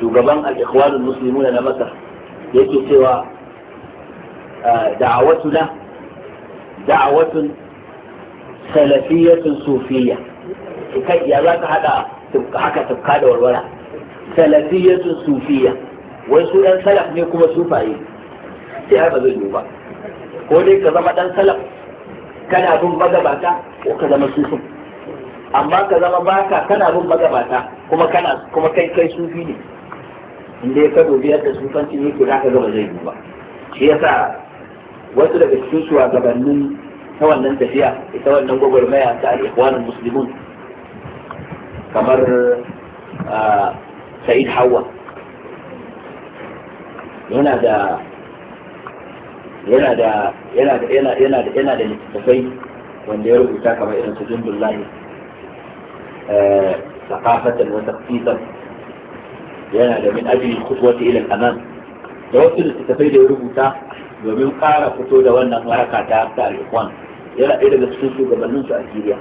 [SPEAKER 1] شوغبان الاخوان المسلمون انا مكة يتو سوا آه، دعوتنا دعوة سلفية صوفية كي يلاك هذا حكا تبقى دور ولا salafiyatun sufiya wai su ɗan salaf ne kuma sufaye sai ai ba zai duba. ba ko dai ka zama ɗan salaf kana bin magabata ko ka zama sufin amma ka zama baka kana bin magabata kuma kana kuma kai kai sufi ne inda ya ka dubi yadda sufanci ne ko zaka ga ba zai duba. ba shi yasa wasu daga cikin shugabannin ta wannan tafiya ita wannan gwagwarmaya ta alikwanin musulmi kamar ah, sa'id hawa yana da littattafai wanda ya rubuta kamar irin su jumbullahi ثقافة وتخطيطا yana da min ajin kutuwata ilin anan da wasu littattafai da ya rubuta domin ƙara fito da wannan haraka ta ta al'ikwan yana ɗaya daga cikin shugabanninsu a Siriya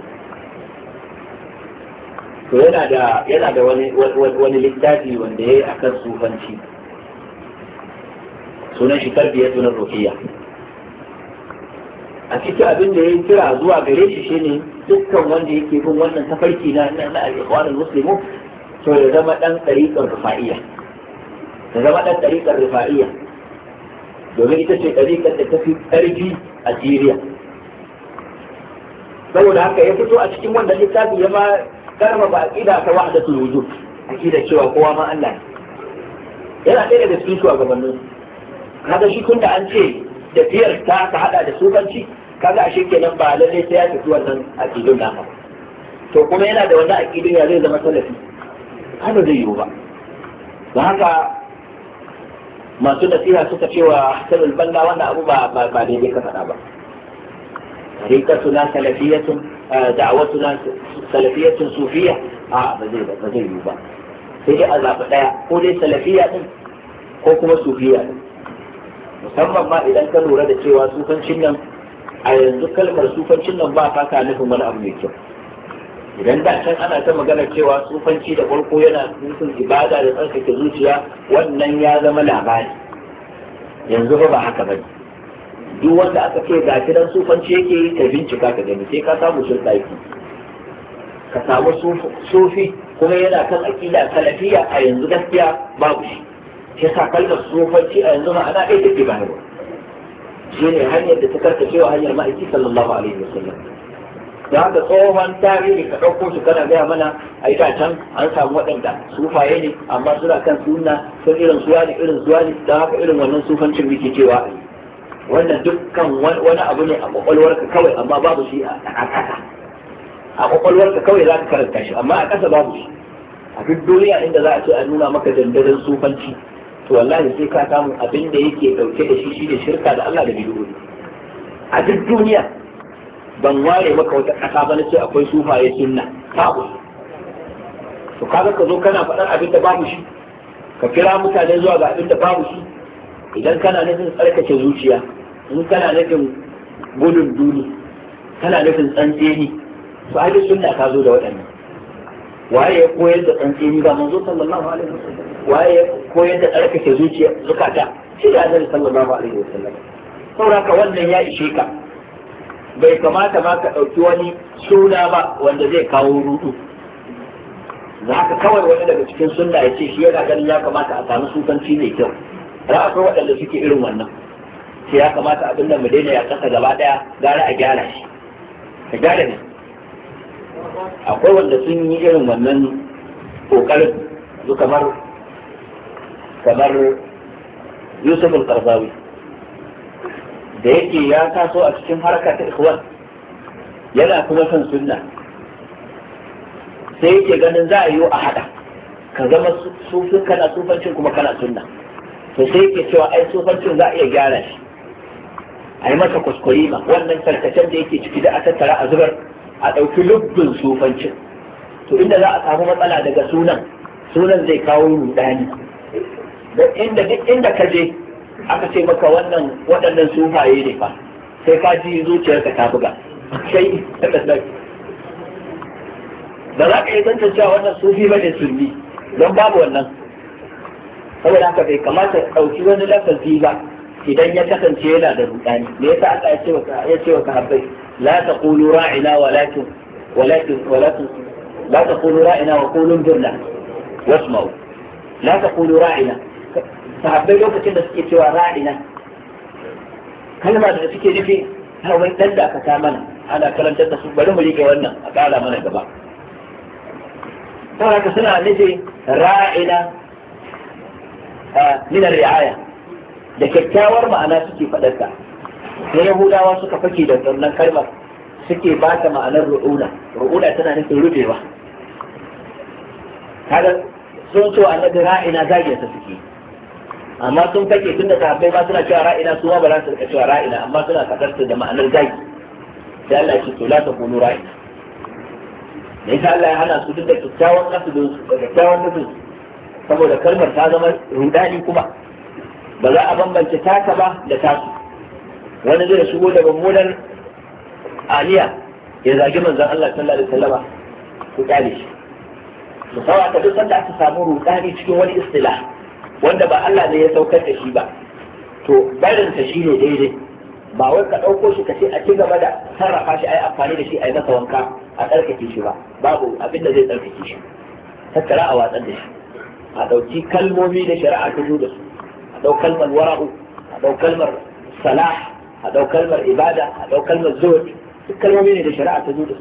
[SPEAKER 1] to yana da yana da wani wani littafi wanda yayi akan sufanci sunan shi tarbiyatu na ruhiyya a cikin abin da yayi kira zuwa gare shi shine dukkan wanda yake bin wannan tafarki na na al-ikhwanul muslimu to ya zama dan tariqar rufa'iyya ya zama dan tariqar rufa'iyya domin ita ce tariqar da tafi karfi a Jiriya. saboda haka ya fito a cikin wanda littafi ya ma karma ba aqida ta wahdatul wujud aqida cewa kowa ma Allah ne yana ɗaya a cikin nan. kaga shi tunda an ce fiyar ta ta hada da sukanci kaga ashe kenan ba lalle sai ya tafi wannan aqidun da ba to kuma yana da wannan aqidun ya zai zama salafi kada zai yiwu ba don haka masu nasiha suka cewa sanin banda wannan abu ba ba daidai ka faɗa ba طريقتنا سلفية دعوتنا سلفية صوفية a ba zai ba zai yi ba sai a zaɓi ɗaya ko dai salafiyya din ko kuma sufiyya din musamman ma idan ka lura da cewa sufancin nan a yanzu kalmar nan ba mai kyau idan da can ana ta magana cewa tsufanci da farko yana nufin ibada da tsarkake zuciya wannan ya zama labari yanzu ba haka bane duk wanda aka ce ga shi dan sufanci yake yi ka bincika ka gani sai ka samu sun tsaki ka samu sufi kuma yana kan aƙida salafiya a yanzu gaskiya babu shi shi sa kalmar sufanci a yanzu ma'ana ɗaya take ba ba shi ne hanyar da ta karkacewa hanyar ma'aiki sallallahu alaihi wasallam da haka tsohon tarihi ka ɗauko su kana gaya mana a yi can an samu waɗanda sufaye ne amma suna kan suna sun irin suwa ne irin suwa ne don haka irin wannan sufancin muke cewa a yi wannan dukkan wani abu ne a kwakwalwarka kawai amma babu shi a ƙasa a kwakwalwarka kawai za ka karanta shi amma a ƙasa babu shi a duk duniya inda za a ce a nuna maka dandadan sufanci to wallahi sai ka samu abin da yake dauke da shi shi ne shirka da Allah da bidiyoyi a duk duniya ban ware maka wata ƙasa ba na ce akwai sufaye sunna babu to kaga ka zo kana faɗar abin da babu shi ka kira mutane zuwa ga abin da babu shi idan kana nufin tsarkake zuciya in kana nufin gudun duni kana nufin tsantseni to ahli sunna ka zo da waɗannan waye ya koyar da tsantseni ba manzo sallallahu alaihi wasallam waye ya koyar da tsarkake zuciya zukata shi da annabi sallallahu alaihi wasallam saboda wannan ya ishe ka bai kamata ma ka ɗauki wani suna ba wanda zai kawo rudu za ka kawai wani daga cikin sunna ya ce shi yana ganin ya kamata a samu sukanci mai kyau za kai waɗanda suke irin wannan shi ya kamata abin da mu daina ya kasa gaba daya gara a gyara shi ka gyara ne akwai wanda sun yi irin wannan kokarin su kamar kamar yusuf al-qarzawi da yake ya taso a cikin harka ta ikhwan yana kuma son sunna sai yake ganin za a yi a hada ka zama sufin kana sufancin kuma kana sunna to sai yake cewa ai sufancin za a iya gyara shi a yi masa kuskure ba wannan tarkacen da yake ciki da a tattara a zubar a ɗauki lubbin sufancin to inda za a samu matsala daga sunan sunan zai kawo rudani inda duk inda ka je aka ce maka wannan waɗannan sufaye ne fa sai ka ji zuciyarka ta buga sai ba za ka yi tantancewa wannan sufi ba ne sunni don babu wannan saboda haka bai kamata ɗauki wani lafazi ba idan ya kasance yana da rudani me yasa aka ya ce wa ya ce wa sahabbai la taqulu ra'ina walakin walakin walakin la taqulu ra'ina wa qulu birna wasma'u la taqulu ra'ina sahabbai lokacin da suke cewa ra'ina kalma da suke nufi ha wai dan da aka ta mana ana karanta da su bari mu rike wannan a kala mana gaba saboda suna nufi ra'ina min ar-ri'aya da kyakkyawar ma'ana suke faɗarta sai yahudawa suka fake da wannan kalmar suke ba ta ma'anar ru'una ru'una tana nufin rubewa kaga sun a annabi ra'ina zagin ta suke amma sun fake tunda sahabbai ba suna cewa ra'ina su ma ba za su rika cewa ra'ina amma suna faɗarta da ma'anar zagi sai Allah ya ce to la kunu ra'ina da yasa Allah ya hana su duk da kyakkyawan kasu da kyakkyawan nufin saboda kalmar ta zama rudani kuma ba za a bambance taka ba da tasu wani zai shigo da mummunan aliya ya zagi manzon Allah sallallahu alaihi wasallama ku kyale shi su sawa duk sanda aka samu rudani cikin wani istilah wanda ba Allah ne ya saukar da shi ba to barin ta shine daidai ba wai ka ɗauko shi ka ce a ci gaba da sarrafa shi a yi amfani da shi a yi masa wanka a tsarkake shi ba babu abin da zai tsarkake shi tattara a watsar da shi a ɗauki kalmomi da shari'a ta zo da su a كلمة kalmar هذا a ɗau kalmar كلمة a هذا kalmar ibada a مين kalmar شرعة تدود kalmomi ne shari'a ta zo da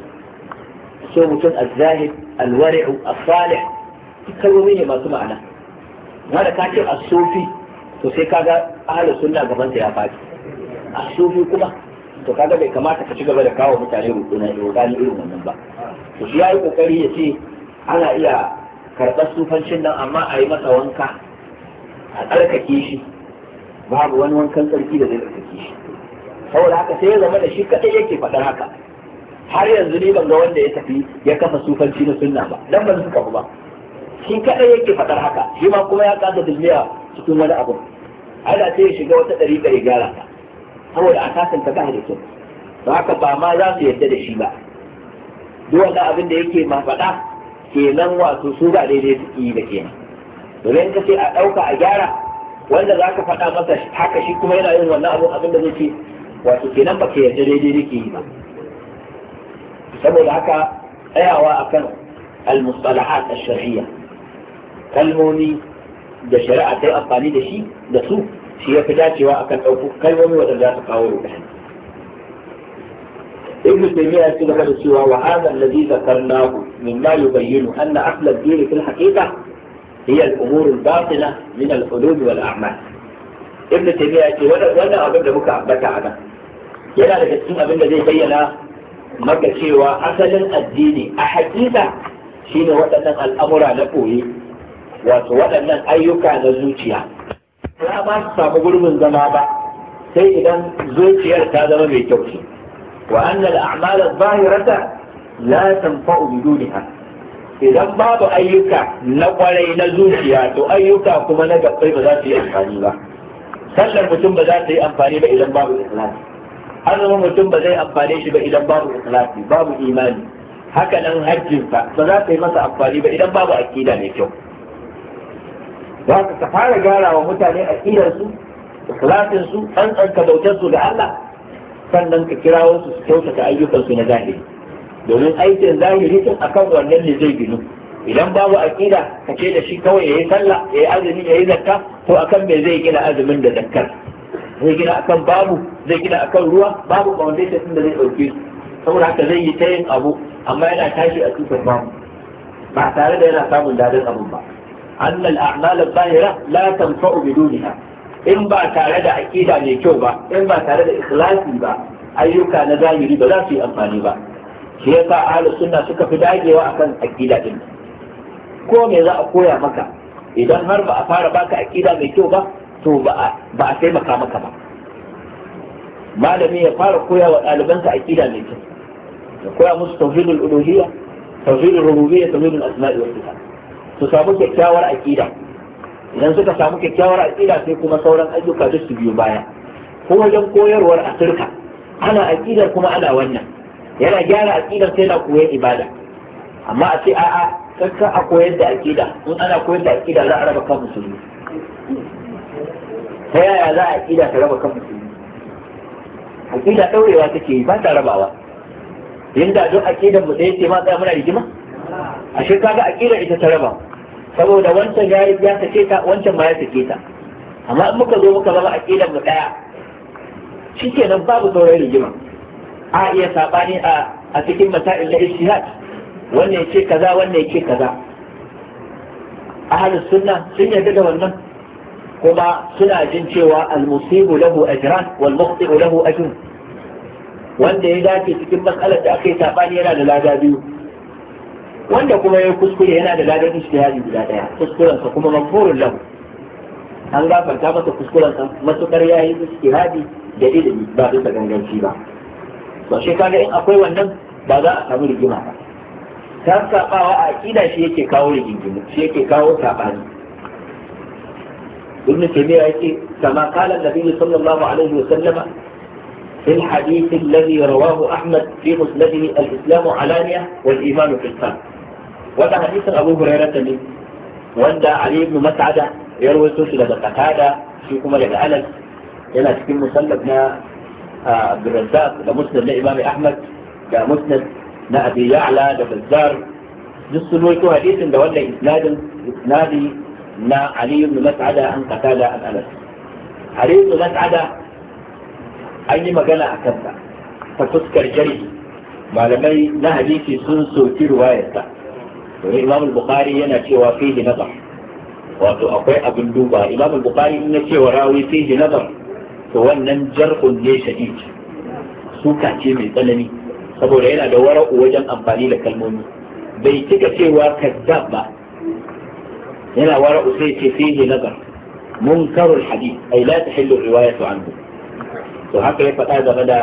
[SPEAKER 1] su so mutum az-zahid al-wari'u as-salih duk الصوفي ne to kaga bai kamata ka ci gaba da kawo mutane da wani irin wannan ba to shi yayi kokari ya ce ana iya karɓar sufancin nan amma a yi masa wanka a tsarkake shi babu wani wankan tsarki da zai tsarkake shi saboda haka sai ya zama da shi kadai yake faɗar haka har yanzu ni ban ga wanda ya tafi ya kafa sufanci na sunna ba dan ban suka ba shi kadai yake faɗar haka shi ma kuma ya kasa dubiya cikin wani abu ana sai ya shiga wata ɗariƙa ya gyara ta saboda a kasan ta da kyau ba haka ba ma za su yarda da shi ba duk wanda abin da yake ma faɗa kenan wato su ba daidai su yi da kenan domin ka ce a ɗauka a gyara wanda za ka faɗa masa haka shi kuma yana yin wannan abu abin da zai ce wato kenan ba ka yarda daidai nake yi ba saboda haka tsayawa a kan al-mustalahat ash sharia kalmomi da shari'a ta yi amfani da shi da su shi ya fi dacewa a kan ɗauko kalmomi waɗanda za su kawo rubutu ابن تيمية يقول هذا سوى وهذا الذي ذكرناه مما يبين أن أصل الدين في الحقيقة هي الأمور الباطلة من الحدود والأعمال ابن تيمية ولا ولا أبدا بك أبدا أنا يلا لك السنة بنا دي بينا مكة شيوة أصلا الدين أحكيدا شين وطنا الأمر لكوه وطولنا ايكا زوجيا. لا ما سأقول من زمابا سيدا زوتيا تادم بيتوكي وأن الأعمال الظاهرة لا تنفع بدونها idan babu ayyuka na kwarai na zuciya to ayyuka kuma na gabbai ba za su yi amfani ba sallar mutum ba za ta yi amfani ba idan babu ikhlasi azumin mutum ba zai amfani shi ba idan babu ikhlasi babu imani haka nan hajjinsa ba za ta yi masa amfani ba idan babu akida mai kyau za ka fara gara wa mutane akidarsu ikhlasinsu an tsanka bautarsu ga Allah sannan ka kirawo su su kyautata ayyukansu na zahiri domin aikin zahiri tun akan wannan ne zai ginu idan babu aqida ka da shi kawai yayi sallah yayi azumi yayi zakka to akan me zai gina azumin da zakkar zai gina akan babu zai gina akan ruwa babu foundation din da zai dauke saboda haka zai yi ta yin abu amma yana tashi a cikin babu ba tare da yana samun dadin abu ba annal a'mal zahira la tanfa'u bidunha in ba tare da aqida mai kyau ba in ba tare da ikhlasi ba ayyuka na zahiri ba za su yi amfani ba shi yasa ahlus sunna suka fi dagewa akan aqida din ko me za a koya maka idan har ba a fara baka aqida mai kyau ba to ba a taimaka maka ba malami ya fara koya wa ɗalibansa aqida mai kyau ya koya musu tauhidul uluhiyya tauhidul rububiyya tauhidul asma'i wasu sifat su samu kyakkyawar aqida idan suka samu kyakkyawar aqida sai kuma sauran ayyuka duk su biyu baya ko wajen koyarwar asirka ana aqidar kuma ana wannan yana gyara aqidar sai na koyan ibada amma a ce a'a kanka a koyar da aƙida, in ana koyar da aƙida za a raba kan musulmi ta yaya za a aƙida ta raba kan musulmi Aƙida daurewa take yi ba ta rabawa da duk aqidar mu ɗaya ce ma tsaya muna rigima a shi kaga aƙidar ita ta raba saboda wancan ya ya sake ta wancan ma ya sake ta amma in muka zo muka zama aqidar mu ɗaya shikenan babu sauran rigima a iya saɓani a cikin mata'il na ishihad wannan ce kaza wannan ce kaza ahlus sunna sun yarda da wannan kuma suna jin cewa al-musibu lahu ajran wal mukhti'u lahu ajrun wanda ya dace cikin matsalar da aka yi saɓani yana da lada biyu wanda kuma ya kuskure yana da ladan ishtihadi guda daya kuskurensa kuma mafurun lahu an gafarta masa kuskurensa matukar yayi ishtihadi da ilimi ba bisa ganganci ba ba shi kaga in akwai wannan ba za a samu rigima ba ta sabawa a kida shi yake kawo rigingimu shi yake kawo sabani ibn taymiya yake kama qala an-nabi sallallahu alaihi wa sallama في الحديث الذي رواه أحمد في مسنده الإسلام علانية والإيمان في القلب وده حديث أبو هريرة لي وندى علي بن مسعدة يروي سوش لدى قتادة daga alal yana إلى سكين na. abdurrazzaq da musnad na imam da musnad na abi ya'la da bazzar duk sun rawaito hadisin da wannan isnadin isnadi na ali ibn mas'ada an qatada an anas ali ibn mas'ada an yi magana a kansa ta fuskar jari malamai na hadisi sun soki ruwayarsa domin imam bukhari yana cewa fihi nazar wato akwai abin duba imam bukhari in ya cewa to wannan jar'un ne shadid suka ce mai tsanani saboda yana da wara'u wajen amfani da kalmomi bai cika cewa kazzab ba yana wara'u sai ce fihi nazar munkarul hadith ay la tahillu riwayatu anhu to haka ya faɗa game da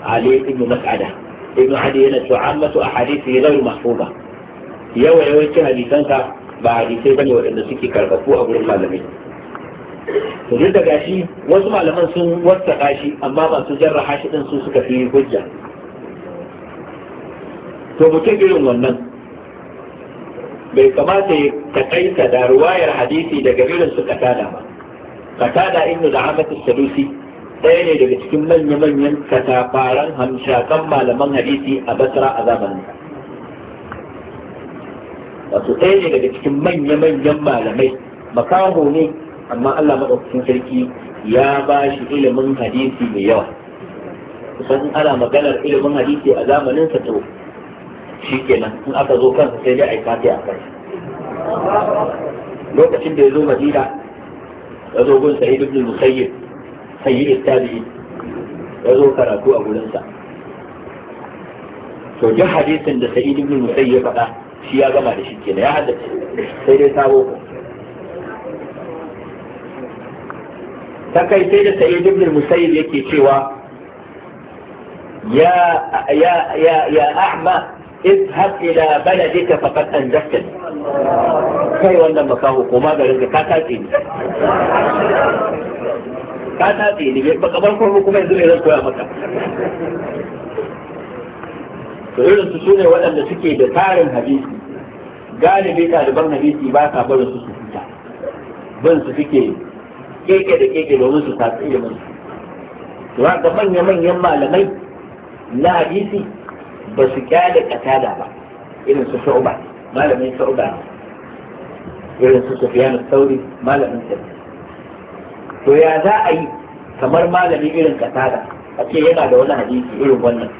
[SPEAKER 1] Ali ibn Mas'ada ibn Hadi yana cewa ammatu ahadithi ghayr mahfuba yawa yawancin hadisansa ba hadisai bane waɗanda suke karɓaku a gurin malamai to duk da gashi wasu malaman sun wasa shi amma masu jarraha shi din su suka fi hujja to mutum irin wannan bai kamata ya takaita da ruwayar hadisi daga irin su katada ba katada inda da Amadu sadusi ɗaya ne daga cikin manya-manyan katafaran hamshakan malaman hadisi a basra a zamanin wato ɗaya ne daga cikin manya-manyan malamai makaho ne amma Allah madaukakin sarki ya ba shi ilimin hadisi mai yawa kusan in ana maganar ilimin hadisi a zamanin sa to shikenan in aka zo kansa sai dai ai a kai lokacin da ya zo Madina ya zo gun Sa'id ibn Musayyib sayyid tabi'i ya zo karatu a gurin sa to duk hadisin da Sa'id ibn Musayyib faɗa shi ya gama da shi kenan ya haddace sai dai sabo ta kai sai da sa'id ibn musayyib yake cewa ya ya ya ya ahma izhab ila baladika faqad anjaktani kai wannan makaho koma garin ka ka ni ka tatse ni ba kabar kurmi kuma yanzu ne zan koya maka to irin su sune waɗanda suke da tarin hadisi galibi ɗaliban hadisi ba sa barin su su fita ban su suke keke da keke domin su tatsi ilimin to haka manya-manyan malamai na hadisi ba su kyale katada ba irin su sha'uba malamin shu'ba irin su sufyan sauri malamin sa to ya za a yi kamar malami irin katada a ce yana da wani hadisi irin wannan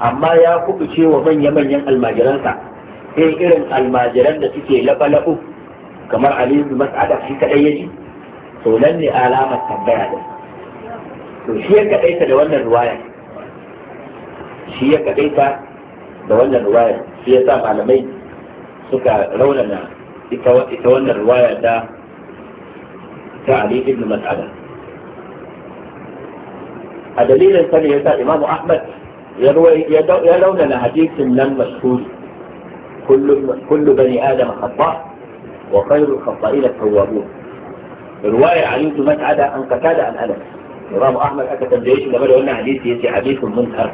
[SPEAKER 1] amma ya kubuce cewa manya-manyan almajiransa sai irin almajiran da suke laɓa-laɓu kamar Ali bin Mas'ada shi kadai ya ji to nan ne alamar tambaya din to shi ya kadaita da wannan ruwayar shi ya kadaita da wannan ruwayar shi ya sa malamai suka raunana ita wannan ruwaya ta ta Ali ibn Mas'ada a dalilin sani ya sa Imam Ahmad ya raunana hadisin nan mashhuri kullu bani adam khata wa khairu khata'ina tawwabun ruwaya ali bin mas'ada an qatada an anas imam ahmad aka tambaye shi game da wannan hadisi yace hadithun munkar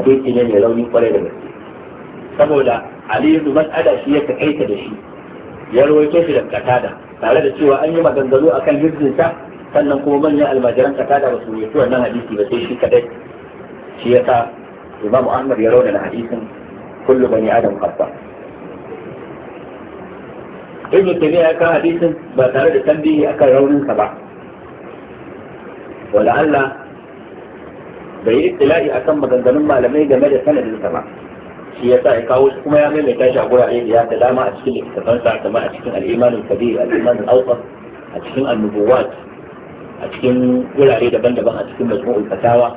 [SPEAKER 1] hadisi ne mai rauni kwarai da gaske saboda ali mas'ada shi ya takaita da shi ya rawaito shi da qatada tare da cewa an yi maganganu akan hizzinsa sannan kuma manyan almajiran qatada ba su rawaito wannan hadisi ba sai shi kadai shi yasa imam ahmad ya na hadisin kullu bani adam khata ibn tabi'a ya kawo hadisin ba tare da tambihi akan rauninsa ba wala Allah bai yi tila'i akan maganganun malamai game da sanadinsa ba shi yasa ya kawo shi kuma ya maimaita shi a gurare da ya ta dama a cikin littattafansa kamar a cikin al'imanin kabir al'imanin awsat a cikin annubuwat a cikin gurare daban-daban a cikin majmu'ul fatawa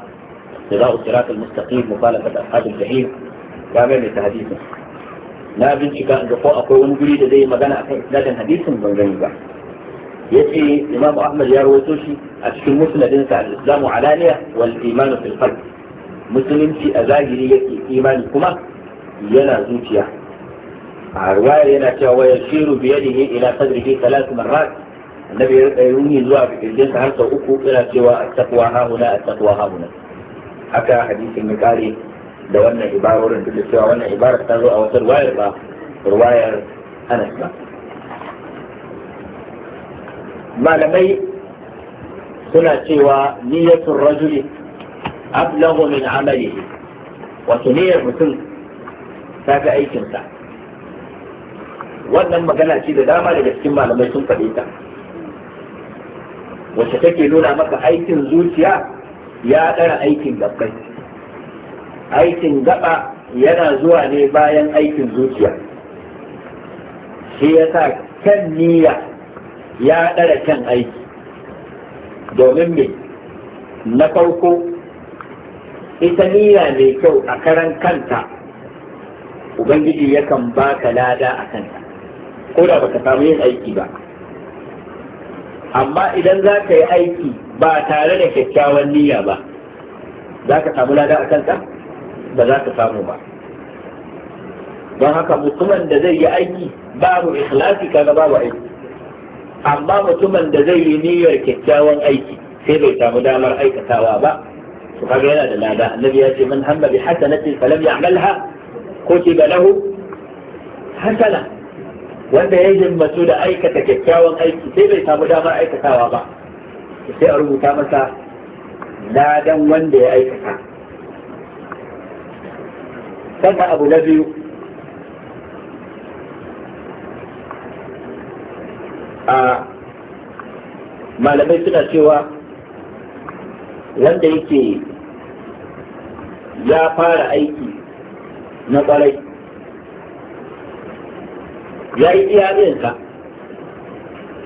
[SPEAKER 1] da za'u siratul mustaqim mukhalafat ashabil jahim ya maimaita hadisin na bincika ga ko akwai wani guri da zai yi magana akan isnadin hadisin ban gani ba yace imamu Ahmad ya rawaito shi a cikin musnadin sa al islamu alaniya wal iman fil qalb musulunci a zahiri yake imani kuma yana zuciya a riwaya yana cewa wa yashiru bi yadihi ila sadrihi thalath marrat annabi ya rayuni zuwa bidin sa har sau uku yana cewa at-taqwa hauna at-taqwa huna. haka hadisin ya kare da wannan ibarorin duk da cewa wannan ibarar ta zo a wata ruwayar ba ruwayar anas ba malamai suna cewa niyyatul rajuli ablagu min amalihi wato niyyar mutum ta ga aikinsa wannan magana ce da dama daga cikin malamai sun faɗi ta wacce take nuna maka aikin zuciya ya ɗara aikin gabbai aikin gaba yana zuwa ne bayan aikin zuciya shi sa kan niyya ya ɗara kan aiki domin me na farko ita niyya mai kyau a karan kanta ubangiji yakan baka lada a kanta ko da baka samu yin aiki ba amma idan za ka yi aiki ba tare da kyakkyawan niyya ba za ka samu lada a kanta ba za ka samu ba don haka mutumin da zai yi aiki babu ikhlasi kaga babu aiki amma mutumin da zai yi niyyar kyakkyawan aiki sai bai samu damar aikatawa ba su kaga yana da lada annabi ya ce man hamma bi hasanatin falam ya'malha kutiba lahu hasana wanda ya yi himmatu da aikata kyakkyawan aiki sai bai samu damar aikatawa ba sai a rubuta masa ladan wanda ya aikata sannan abu na biyu a malamai suna cewa wanda yake ya fara aiki na kwarai ya yi iyalinsa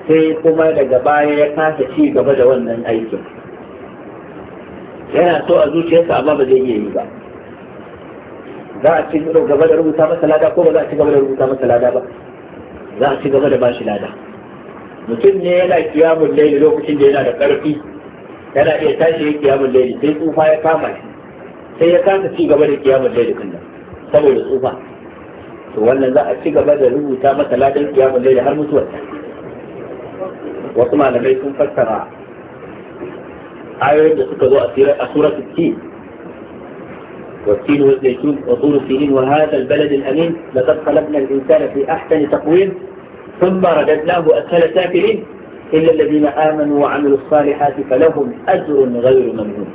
[SPEAKER 1] sai kuma daga baya ya kasa ci gaba da wannan aikin yana so a zuciyarsa amma ba zai iya yi ba za a ci gaba da rubuta masa lada ko ba za a ci gaba da rubuta masa lada ba za a ci gaba da bashi lada mutum ne yana kiyamun laili lokacin da yana da ƙarfi yana iya tashi ya kiyamun laili sai tsufa ya kama shi sai ya kasa ci gaba da kiyamun laili din nan saboda tsufa to wannan za a ci gaba da rubuta masa ladan kiyamun laili har mutuwarsa wasu malamai sun fassara ayoyin da suka zo a surar 60 والتين والزيتون وطول السنين وهذا البلد الأمين لقد خلقنا الإنسان في أحسن تقويم ثم رددناه أسهل سافلين إلا الذين آمنوا وعملوا الصالحات فلهم أجر غير ممنون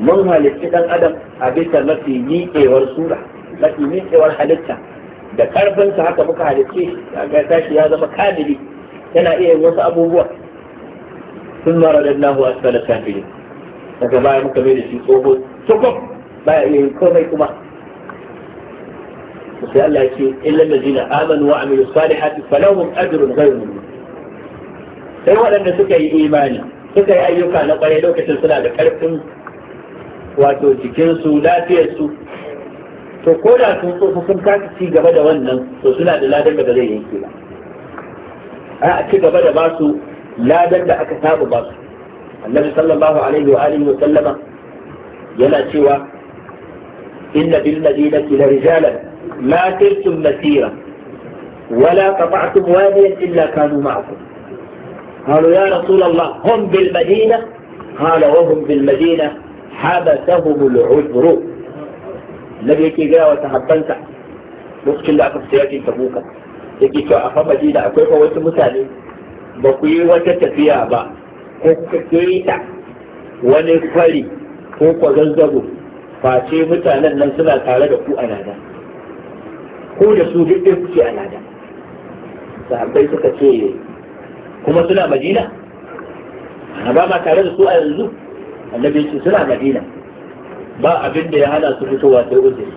[SPEAKER 1] منها للشيطان ادم عبيتا ما في ميكة ورسولة ما في ميكة ورحلتها da karfin sa haka muka halicce ya ga tashi ya zama kadiri yana iya yin wasu abubuwa sun mara da nahu asfala kafiri daga baya baya iya yin komai kuma sai Allah ya ce illal ladina amanu wa amilu salihati falahum ajrun ghayru mamnun sai waɗanda suka yi imani suka yi ayyuka na kwarai lokacin suna da ƙarfin wato jikinsu lafiyarsu to ko da sun tsofa sun kasa ci gaba da wannan to suna da ladan da zai yanke ba a ci gaba da basu ladan da aka saba basu annabi sallallahu alaihi wa alihi wa sallama yana cewa إن بالمدينة لرجالا ما تلتم مسيرا ولا قطعتم واديا إلا كانوا معكم قالوا يا رسول الله هم بالمدينة قال وهم بالمدينة حبسهم العذر النبي يكي وتحبنت نفس كل عقب سياتي تبوك يكي تعفى مدينة أكيفة وإنتم مثالي بقي وتتفيا با كوكتيتا ونفلي كوكو زلزبو face mutanen nan suna tare da ku a lada ko da su duk ɗin kuke a lada sahabbai suka ce kuma suna madina ana ba ma tare da su a yanzu annabi ce suna madina ba abin da ya hana su fitowa sai uzuri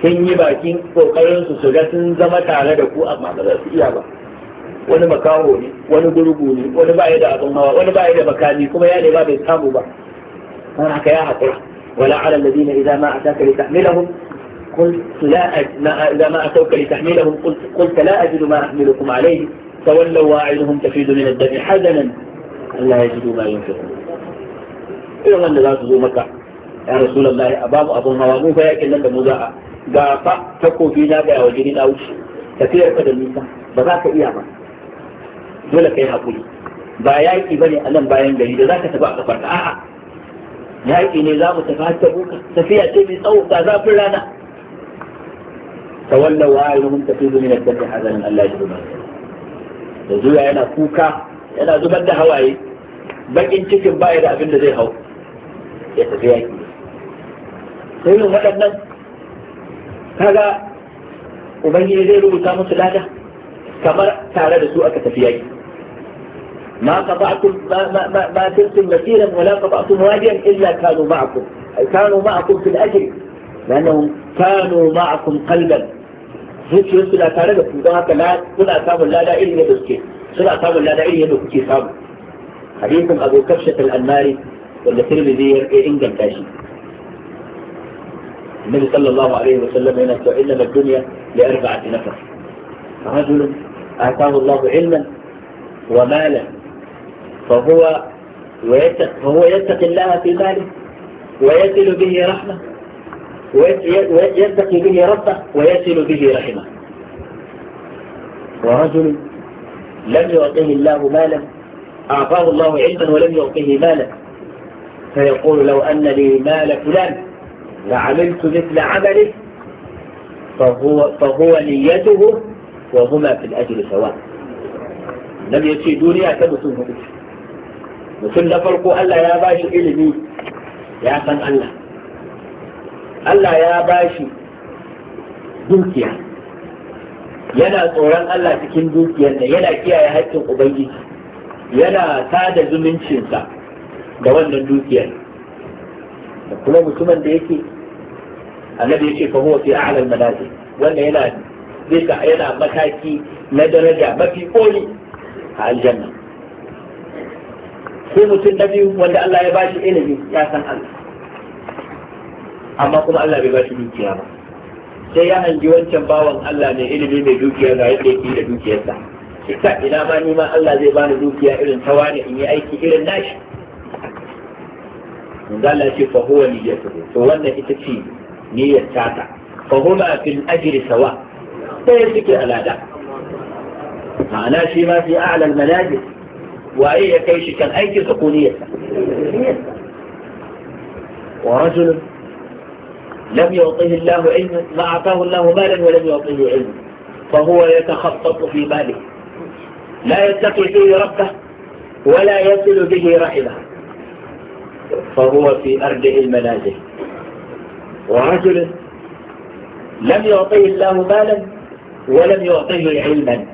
[SPEAKER 1] sun yi bakin kokarin su su ga sun zama tare da ku amma ba za su iya ba wani makaho ne wani gurgu ne wani ba ya da abin hawa wani ba ya da makami kuma ya ne ba bai samu ba don haka ya haƙura ولا على الذين إذا ما أتاك لتحملهم قلت لا أج... ما... إذا ما أتوك لتحملهم قلت, قلت لا أجد ما أحملكم عليه تولوا واعدهم تفيد من الدم حزنا ألا يجدوا ما ينفقون إذا أن لا تزو مكة يا رسول الله أباب أبو موامو فيأكل لك مزاعة قاطع تكو في نابع وجنين أوش كثير قد النساء بذاك إياما دولك يا أبولي بايعي بني ألم بايعي بني bayan gari da yaƙi ne za mu tafi har ta buka tafiya ce mai tsawo ga zafin rana tawallau wa ayyuhum tafidu min al-jannati hazanan Allah ya zuba da zuwa yana kuka yana zubar da hawaye bakin cikin baya da abin da zai hau ya tafi yaƙi sai yin waɗannan kaga ubangiji zai rubuta musu lada kamar tare da su aka tafi yaƙi ما قطعتم ما, ما, ما, ما سرتم مسيرا ولا قطعتم واديا إلا كانوا معكم كانوا معكم في الأجر لأنهم كانوا معكم قلبا هيك suna tare da ku لا haka suna لا لا irin yadda suke suna لا لا irin yadda kuke samu hadisin abu kafshat al النبي صلى الله عليه وسلم هنا إنما الدنيا لأربعة نفر رجل آتاه الله علما ومالا فهو ويتق فهو يتقي الله في ماله ويصل به رحمه ويتقي به ربه ويصل به رحمه ورجل لم يعطه الله مالا أعطاه الله علما ولم يعطه مالا فيقول لو أن لي مال فلان لعملت مثل عمله فهو, فهو نيته وهما في الأجر سواء لم يتشي دنيا كمسوه بشر mutum na farko Allah ya ba shi ilimi ya san Allah Allah ya ba shi dukiya yana tsoron Allah cikin dukiyar da yana kiyaye haƙƙin ubangiji yana sada zumuncinsa da wannan dukiyar da kuma mutumin da yake annabi yake fa huwa fi a'la al madaji wanda yana zai yana mataki na daraja mafi koli a aljanna sai mutum na biyu wanda Allah ya bashi ilimi ya san Allah amma kuma Allah bai bashi dukiya ba sai ya hangi wancan bawan Allah mai ilimi mai dukiya ga yadda yake da dukiyarsa ita ina ma ni ma Allah zai bani dukiya irin ta wani in yi aiki irin nashi manzo Allah ce fa huwa niyyatu to wannan ita ce niyyar tata fa huwa fil ajri sawa sai suke alada ma'ana shi ma fi a'la al manajil وأي كيش كان أي كيش aikinsa ورجل لم يعطه الله علما ما أعطاه الله مالا ولم يعطه علما فهو يتخطط في ماله لا يتقي فيه ربه ولا يصل به رحمه فهو في أرجع المنازل ورجل لم يعطه الله مالا ولم يعطه علما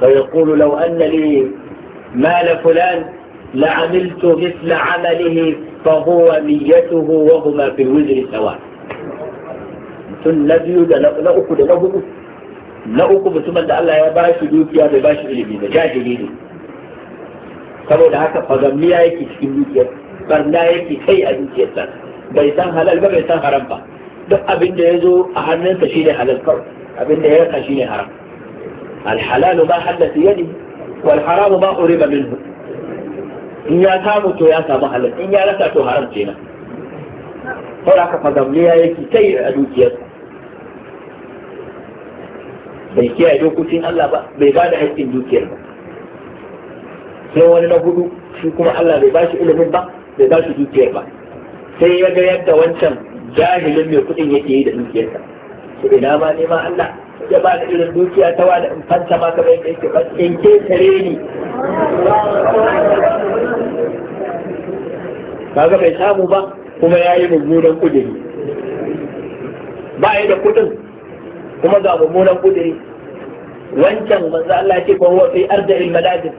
[SPEAKER 1] فيقول لو أن لي مال فلان لعملت مثل عمله فهو نيته وهما في الوزر سواء النبي لا أكد له لا أكد ثم أن الله يباش دوكيا بباش إلمي جاء جديد فلو لحكا فضمي آيكي تكين دوكيا فرنا آيكي تي أدوكيا سان بيسان حلال بيسان حرام با دو أبن ديزو أحنن تشيني حلال كرب أبن ديزو تشيني حرام الحلال ما حدث يدي wal haramu ma uriba minhu in ya samu to ya samu halal in ya rasa to haram kenan saboda haka fagamliya yake kai a dukiyarsa bai kiyaye dokokin Allah ba bai ba da haƙƙin dukiyar ba sai wani na hudu shi kuma Allah bai bashi shi ilimin ba bai ba dukiyar ba sai ya ga yadda wancan jahilin mai kuɗin yake yi da dukiyarsa su ina ma nema Allah ya ba ni irin dukiya ta wani in fanta ma kamar yadda yake ban in ketare ni kaga bai samu ba kuma ya yi mummunan kudiri ba yi da kudin kuma ga mummunan kudiri wancan manzo Allah ce ko huwa fi arda'il malajin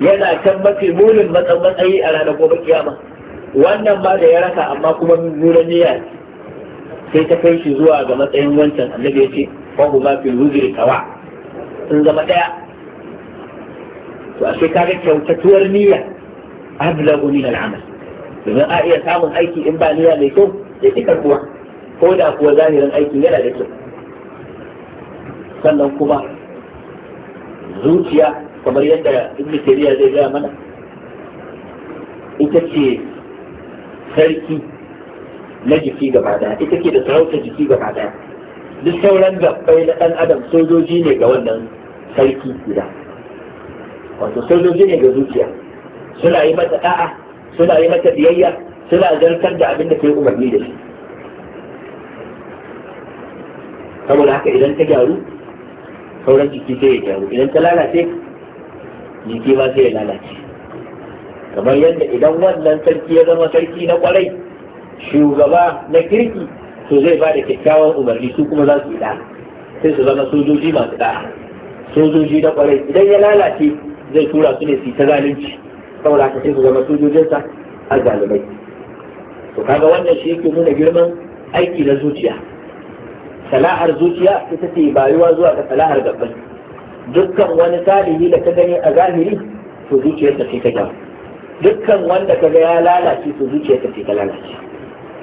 [SPEAKER 1] yana can mafi munin matsayi a ranar gobe kiyama wannan ba da ya raka amma kuma nuna niyya sai ta kai shi zuwa ga matsayin wancan annabi ya ce wahu ma fi ruzuri kawa sun zama daya to ashe kaga kyautatuwar niyya ablagu min al'amal domin a iya samun aiki in ba niyya mai kyau da ci kuwa. ko da kuwa zahirin aiki yana da kyau sannan kuma zuciya kamar yadda ibn tariya zai gaya mana ita ce sarki na jiki gaba daya ita ke da sarauta jiki gaba daya duk sauran gabbai na ɗan adam sojoji ne ga wannan sarki guda wato sojoji ne ga zuciya suna yi mata da'a suna yi mata biyayya suna zartar da abin da ta yi umarni da shi saboda haka idan ta gyaru sauran jiki sai ya gyaru idan ta lalace jiki ma sai ya lalace kamar yadda idan wannan sarki ya zama sarki na kwarai shugaba na kirki to zai ba da kyakkyawan umarni su kuma za su yi da sai su zama sojoji masu da sojoji na kwarai idan ya lalace zai tura su ne su yi ta zalunci saboda haka sai su zama sojojinsa a zalumai to kaga wannan shi yake nuna girman aiki na zuciya salahar zuciya ita ce bayuwa zuwa ga salahar gaban dukkan wani salihi da ka gani a zahiri to zuciyarsa ce ta gaba dukkan wanda ka ga ya lalace to zuciyarsa ce ta lalace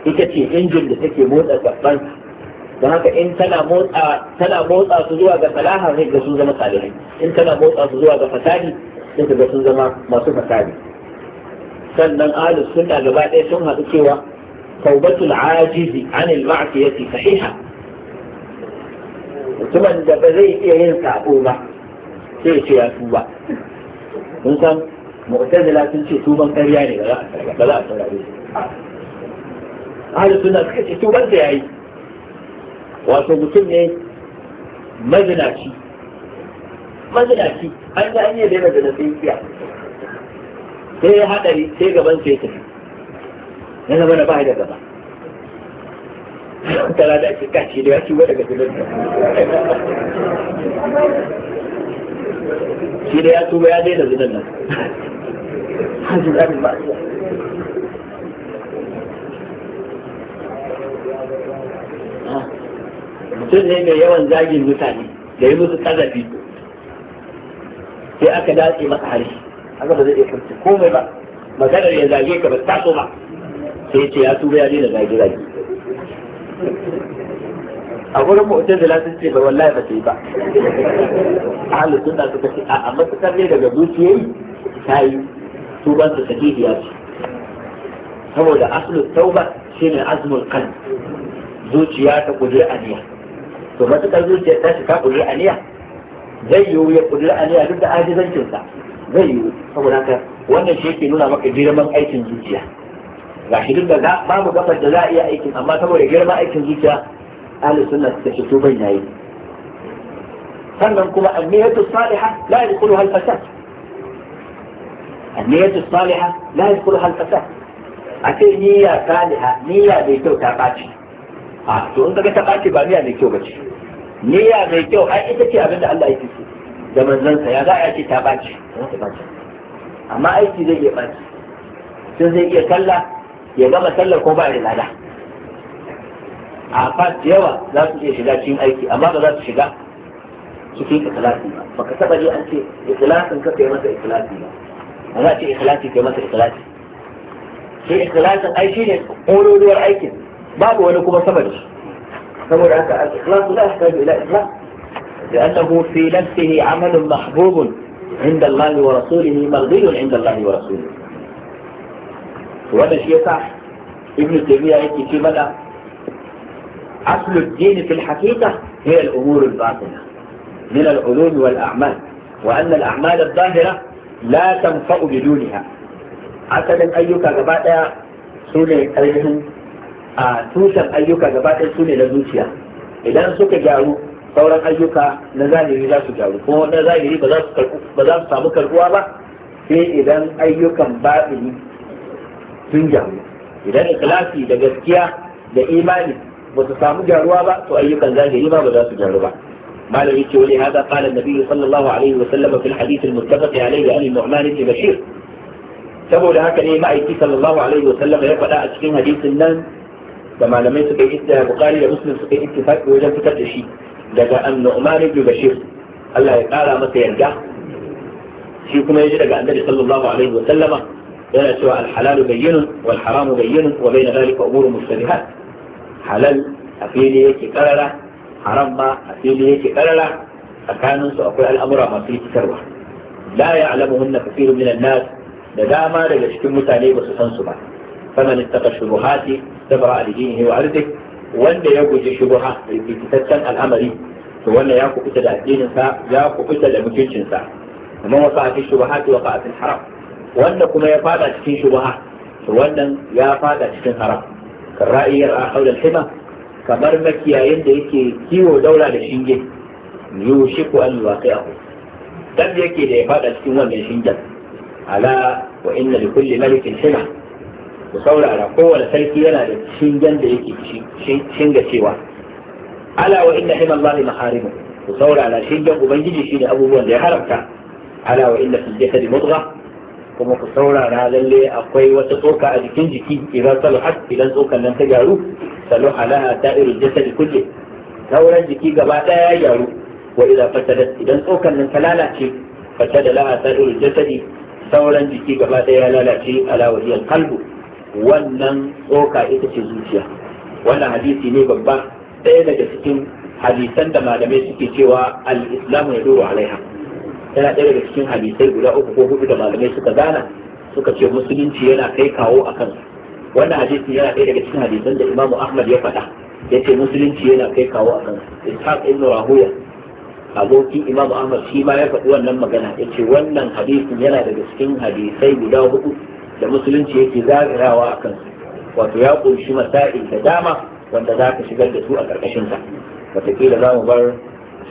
[SPEAKER 1] ita ce injin da take motsa gaban don haka in tana motsa tana motsa su zuwa ga salaha sai ga sun zama salihai in tana motsa su zuwa ga fasadi sai ga sun zama masu fasadi sannan ahlus sunna gaba ɗaya sun haɗu cewa taubatul ajizi anil ma'siyati sahiha mutumin da ba zai iya yin sabo ba sai ya ce ya tuba mun san mu'tazila sun ce tuban ƙarya ne ba za a saurare ahlus sunna suka ce to banda yayi wato mutum ne mazinaci mazinaci an ga an yi daina da nasiya sai ya hadari sai gaban sai tafi na zama na bai da gaba tara da ake kace da ya ci daga filin shi da ya tuba ya daina zinan nan hajji zamin ma'asiya mutum ne mai yawan zagin mutane da yi musu kazafi sai aka dace masa hari aka ba zai iya furta komai ba maganar ya zage ka ba taso ba sai ce ya tuba ya daina zage zage a gurin da sun ce ba wallahi ba sai ba halin suna suka ce a matukar ne daga zuciyayi ta yi tuban su ya ce saboda aslul tauba shine azumin qalb zuciya ta kudur aniya to matukar zuciya ta shiga kudur aniya zai yiwu ya kudur aniya duk da ajizancinsa zai yiwu saboda haka wannan shi yake nuna maka girman aikin zuciya ga shi duk da babu gafar da za a iya aikin amma saboda girman aikin zuciya ahli sunna suka shi tuban ban yayi sannan kuma anniyatu salihah la yadkhuluha hal fasad anniyatu salihah la yadkhuluha al-fasad a ce niyya salihah niyya bai kyau ta ɓaci a to in ga ta ɓaci ba niyya mai kyau ba ce niyya mai kyau ai ita ce abin da Allah yake so da manzansa ya za a ce ta ɓaci amma aiki zai iya ɓaci sun zai iya kalla, ya gama sallar ko ba da lada a fat yawa za su iya shiga cikin aiki amma ba za su shiga cikin ikhlasi ba baka taba ji an ce ikhlasin ka kai masa ikhlasi ba ba za a ce ikhlasi kai masa ikhlasi sai ikhlasin ai shine ƙololuwar aikin باب ولكم kuma sama da الإخلاص لا يحتاج إلى إخلاص لأنه في نفسه عمل محبوب عند الله ورسوله مرضي عند الله ورسوله وهذا شيء صح ابن تيمية يأتي في مدى أصل الدين في الحقيقة هي الأمور الباطنة من العلوم والأعمال وأن الأعمال الظاهرة لا تنفع بدونها أسد أيك غباء سوري أيهم a tushen ayyuka gaba ɗaya su ne na zuciya idan suka gyaru sauran ayyuka na zahiri za su gyaru kuma na zahiri ba za su samu karbuwa ba sai idan ayyukan baɗini sun gyaru idan ikhlasi da gaskiya da imani ba su samu gyaruwa ba to ayyukan zahiri ba ba za su gyaru ba malami ce wani hada qala annabi sallallahu alaihi wa sallam fil hadith al muttafaq alaihi an nu'man ibn bashir saboda haka ne ma'aiki sallallahu alaihi wa sallam ya faɗa a cikin hadisin nan da malamai suka yi da bukari da muslim suka yi ittifaqi wajen fitar da shi daga an-nu'man ibn bashir Allah ya kara masa yarda shi kuma ya ji daga annabi sallallahu alaihi wa sallama yana cewa al-halalu bayyinun wal haramu bayyinun wa bayna dhalika umurun mushtabihat halal a fili yake karara haram ma a fili yake karara tsakanin su akwai al'amura masu rikitarwa la ya'lamuhunna kathirun minan nas da dama daga cikin mutane ba su san su ba faman ittaqa shubuhati tabra dinihi wa ardihi wanda ya guji shubuha rikitaccen al'amari to wanda ya kubuta da addinin ya kubuta da mutuncin sa amma wasa fi shubuhati wa qatil haram wanda kuma ya fada wannan ya fada cikin haram kan ra'iyar a haula hima kamar makiyayin da yake kiwo daura da shinge yushiku an waqi'ahu dan yake da ya fada cikin wannan shingen ala wa inna likulli ku saurara kowane sarki yana da shingen da yake shinga cewa ala wa inna himallahi Harimu ku saurara shingen ubangiji shine abubuwan da ya haramta ala wa inna fil jasadi mudghah kuma ku saurara lalle akwai wata tsoka a jikin jiki idan saluhat idan tsokan nan ta gyaru saluha laha ta'iru jasadi kulle sauran jiki gaba daya ya gyaru wa idza fasadat idan tsokan nan ta lalace fasada laha ta'iru jasadi sauran jiki gaba daya ya lalace ala wa qalbu wannan tsoka ita ce zuciya wannan hadisi ne babba ɗaya daga cikin hadisan da malamai suke cewa al-islamu ya doro alaiha yana ɗaya daga cikin hadisai guda uku ko hudu da malamai suka gana suka ce musulunci yana kai kawo a kansu wannan hadisi yana ɗaya daga cikin hadisan da imamu ahmad ya faɗa ya ce musulunci yana kai kawo a kansu ishaq ibn rahuya abokin imamu ahmad shi ma ya faɗi wannan magana ya ce wannan hadisin yana daga cikin hadisai guda hudu da musulunci yake zagayawa a kansu wato ya ƙunshi masa'il da dama wanda za ka shigar da su a ƙarƙashinsa wataƙila za mu bar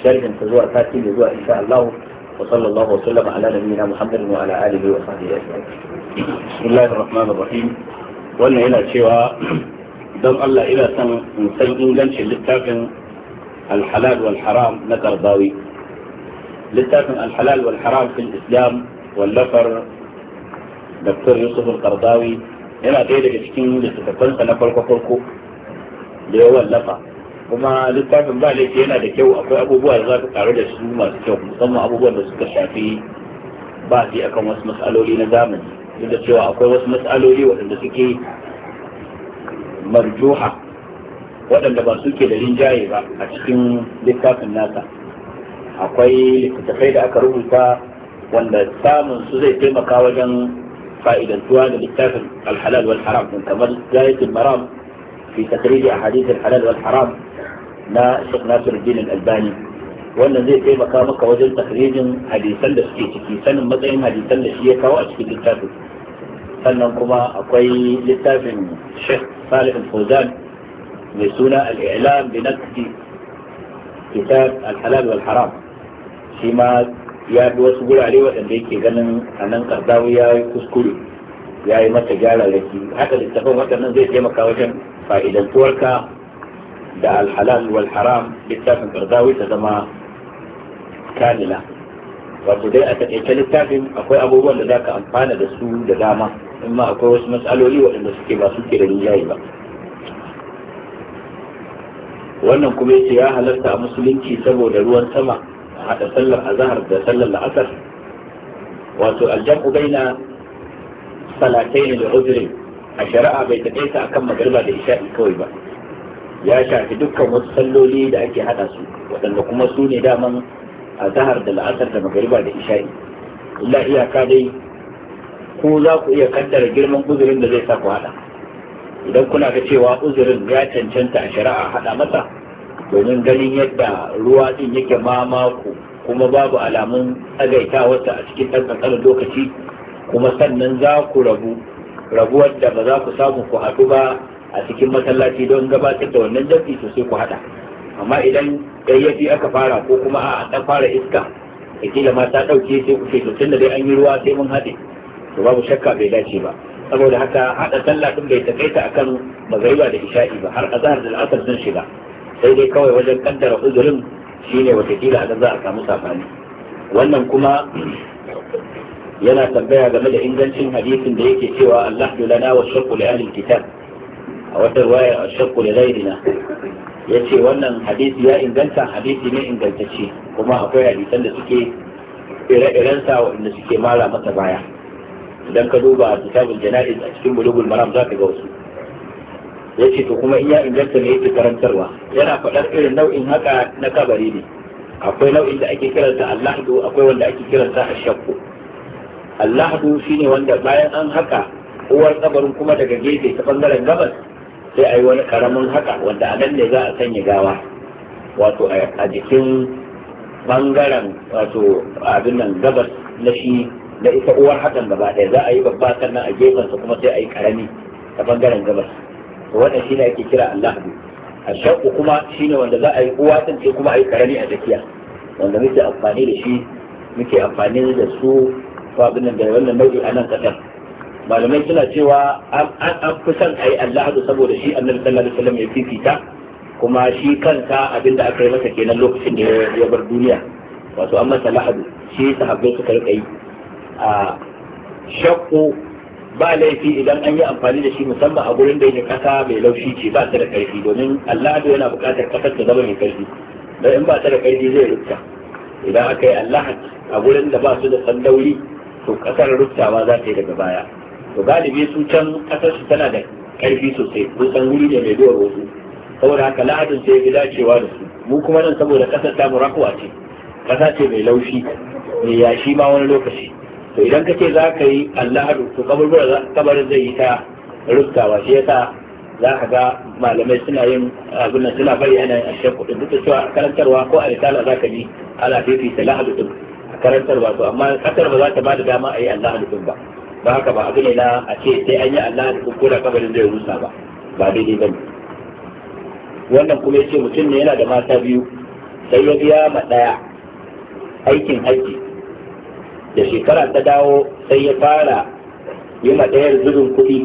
[SPEAKER 1] sharhin ta zuwa sati da zuwa insha Allah wa sallallahu wa sallama ala nabiyina Muhammad wa ala alihi wa sahbihi ajma'in bismillahir rahmanir rahim wannan yana cewa dan Allah ina son in san ingancin littafin al-halal wal haram na Qardawi littafin al-halal wal haram fil Islam wallafar Dr. Yusuf Al-Qardawi yana ɗaya daga cikin littattafansa na farko-farko da ya wallafa kuma littafin ba laifi yana da kyau akwai abubuwa da za ka karu da su masu kyau musamman abubuwan da suka shafi ba su akan wasu matsaloli na zamani duk da cewa akwai wasu matsaloli waɗanda suke marjuha waɗanda ba suke da rinjaye ba a cikin littafin nasa akwai littattafai da aka rubuta wanda samun su zai taimaka wajen قائدا سؤال الاتفاق الحلال والحرام من تمل جاية المرام في تخريج أحاديث الحلال والحرام نا شق ناصر الدين الألباني وأن زي في مقامك وجد تقرير حديثا لشكيتك في سنة مدعين حديثا لشيك وأشكي الاتفاق كما أقوي الاتفاق الشيخ صالح الفوزان بسنة الإعلام بنكتي كتاب الحلال والحرام شيماد ya bi wasu gurare waɗanda yake ganin a nan karzawi ya yi kuskure ya yi mata gyara raki haka littafin waɗannan zai taimaka wajen fa'idantuwarka da alhalal wal haram littafin karzawi ta zama kamila wato dai a taƙaice littafin akwai abubuwan da za ka amfana da su da dama in ma akwai wasu matsaloli waɗanda suke ba ke da ba wannan kuma ya halarta a musulunci saboda ruwan sama haɗa sallar azhar da sallar la'asar wato aljam'u baina salatayn da uzrin a shari'a bai taƙaita akan magariba da isha'i kawai ba ya shafi dukkan wasu salloli da ake hada su waɗanda kuma su ne daman a zahar da la'asar da magariba da isha'i illa iyaka dai ku za ku iya kaddara girman uzurin da zai sa ku hada idan kuna ga cewa uzurin ya cancanta a shari'a hada masa domin ganin yadda ruwa din yake mamako kuma babu alamun tsagaita wata a cikin ɗan lokaci kuma sannan za ku rabu rabuwar da ba za ku samu ku haɗu ba a cikin masallaci don gabatar da wannan jam'i sosai ku haɗa amma idan gayyafi aka fara ko kuma a ɗan fara iska da ma ta ɗauke sai ku ce to dai an yi ruwa sai mun haɗe to babu shakka bai dace ba saboda haka haɗa sallah ɗin bai takaita akan magariba da isha'i ba har zahar da al'asar sun shiga sai dai kawai wajen kaddara uzurin shine watakila a za a samu safani wannan kuma yana tambaya game da ingancin hadisin da yake cewa Allah lana wa shakku li ahlil kitab a wata riwaya ashakku li ghayrina yace wannan hadisi ya inganta hadisi ne ingantacce kuma akwai hadisan da suke ire-iren sa wanda suke mara masa baya idan ka duba kitabul janaiz a cikin bulugul maram zaka ga wasu ya ce to kuma in ya inganta ne yake karantarwa yana faɗar irin nau'in haka na kabari ne akwai nau'in da ake kiranta allahdu akwai wanda ake kiranta shakku allahdu shine wanda bayan an haka uwar tsabarin kuma daga gefe ta bangaren gabas sai a yi wani karamin haka wanda a nan ne za a sanya gawa wato a jikin bangaren wato abin nan gabas na shi na ita uwar hakan gaba ɗaya za a yi babba sannan a gefensa kuma sai a yi karami ta bangaren gabas to wannan shine ake kira Allah a shaqqu kuma shine wanda za a yi uwa din sai kuma a yi karami a tsakiya wanda muke amfani da shi muke amfani da su fabinan da wannan nau'i a nan kasar malamai suna cewa an kusan a yi Allah saboda shi annabi sallallahu alaihi wasallam ya fifita kuma shi kanka abinda aka yi masa kenan lokacin da ya bar duniya wato an masa lahadu shi sahabbai suka rika yi a shakku ba laifi idan an yi amfani da shi musamman a gurin da yake kasa mai laushi ce ba ta da karfi domin allahado yana buƙatar kasar ta zama mai karfi da in ba ta da karfi zai rufta idan aka yi allahat a gurin da ba su da sandauri to kasar ruftawa za ta yi daga baya to galibi su can kasar su tana da karfi sosai kusan san wuri ne mai duwar wasu saboda haka lahadin sai fi dacewa da su mu kuma nan saboda kasar ta murakuwa ce kasa ce mai laushi mai yashi ma wani lokaci to idan ka ce za ka yi allahadu to kabarin zai yi ta rukawa shi yasa za ka ga malamai suna yin abin suna bayyana a shekku din duk da cewa karantarwa ko a risala za ka bi ala fifi ta lahadu din a karantarwa to amma kasar ba za ta ba da dama a yi allahadu din ba ba haka ba abu ne na a ce sai an yi allahadu din ko da kabarin zai rusa ba ba daidai ba ne wannan kuma ya ce mutum ne yana da mata biyu sai ya biya ma ɗaya aikin aiki. da shekara ta dawo sai ya fara yi ma ɗayar zubin kuɗi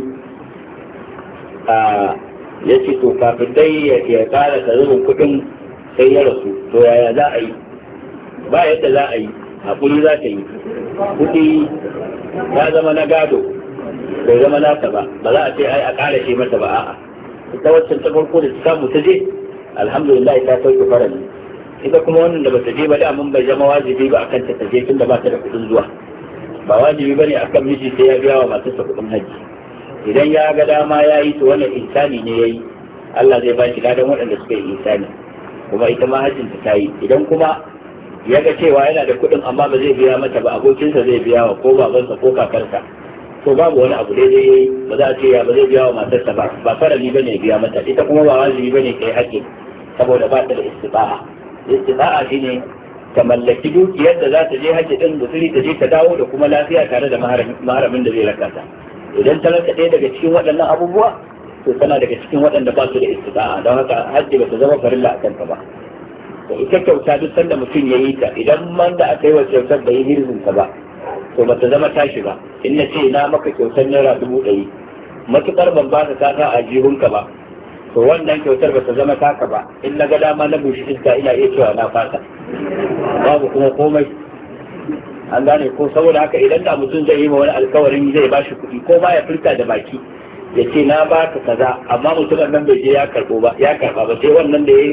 [SPEAKER 1] a ya ce to kafin dai ya fara ta zurin kuɗin sai ya rasu to yaya za a yi ba yadda za a yi haƙuri za ta yi kuɗi ya zama na gado bai zama nata ba ba za a ce ai a ƙara shi mata ba a'a ita waccan ta farko da ta samu ta je alhamdulillah ta sauke ne. ita kuma wannan da bata je ba da mun bai zama wajibi ba akan ta je tunda ba ta da kuɗin zuwa ba wajibi bane akan miji sai ya biya wa matarsa kuɗin haji idan ya ga dama ya yi to wannan insani ne yayi Allah zai ba shi ladan waɗanda suka yi insani kuma ita ma hajjin ta tayi idan kuma ya ga cewa yana da kuɗin amma ba zai biya mata ba abokinsa zai biya wa ko babansa ko kakarsa to babu wani abu daidai yi ba za a ce ya ba zai biya wa matarsa ba ba farali bane biya mata ita kuma ba wajibi bane kai haƙƙi saboda ba ta da istibaha. shi shine ka mallaki dukiyar da za ta je hajji din guzuri ta je ta dawo da kuma lafiya tare da maharamin da zai rakata idan ta rasa ɗaya daga cikin waɗannan abubuwa to tana daga cikin waɗanda ba su da istita'a don haka hajji ba ta zama farilla a kanta ba to ita kyauta duk sanda mutum ya yi ta idan man da aka yi wa kyautar bai yi ta ba to ba ta zama tashi ba in na ce na maka kyautar naira dubu ɗari matuƙar ban ba ta ta a jihunka ba to wannan kyautar ba ta zama taka ba in na ga dama na bushe iska ina iya cewa na fata babu kuma komai an gane ko saboda haka idan da mutum zai yi wa wani alkawarin zai ba shi kuɗi ko ba ya furta da baki ya ce na ba ka kaza amma mutumin nan bai je ya karɓo ba ya karɓa ba sai wannan da ya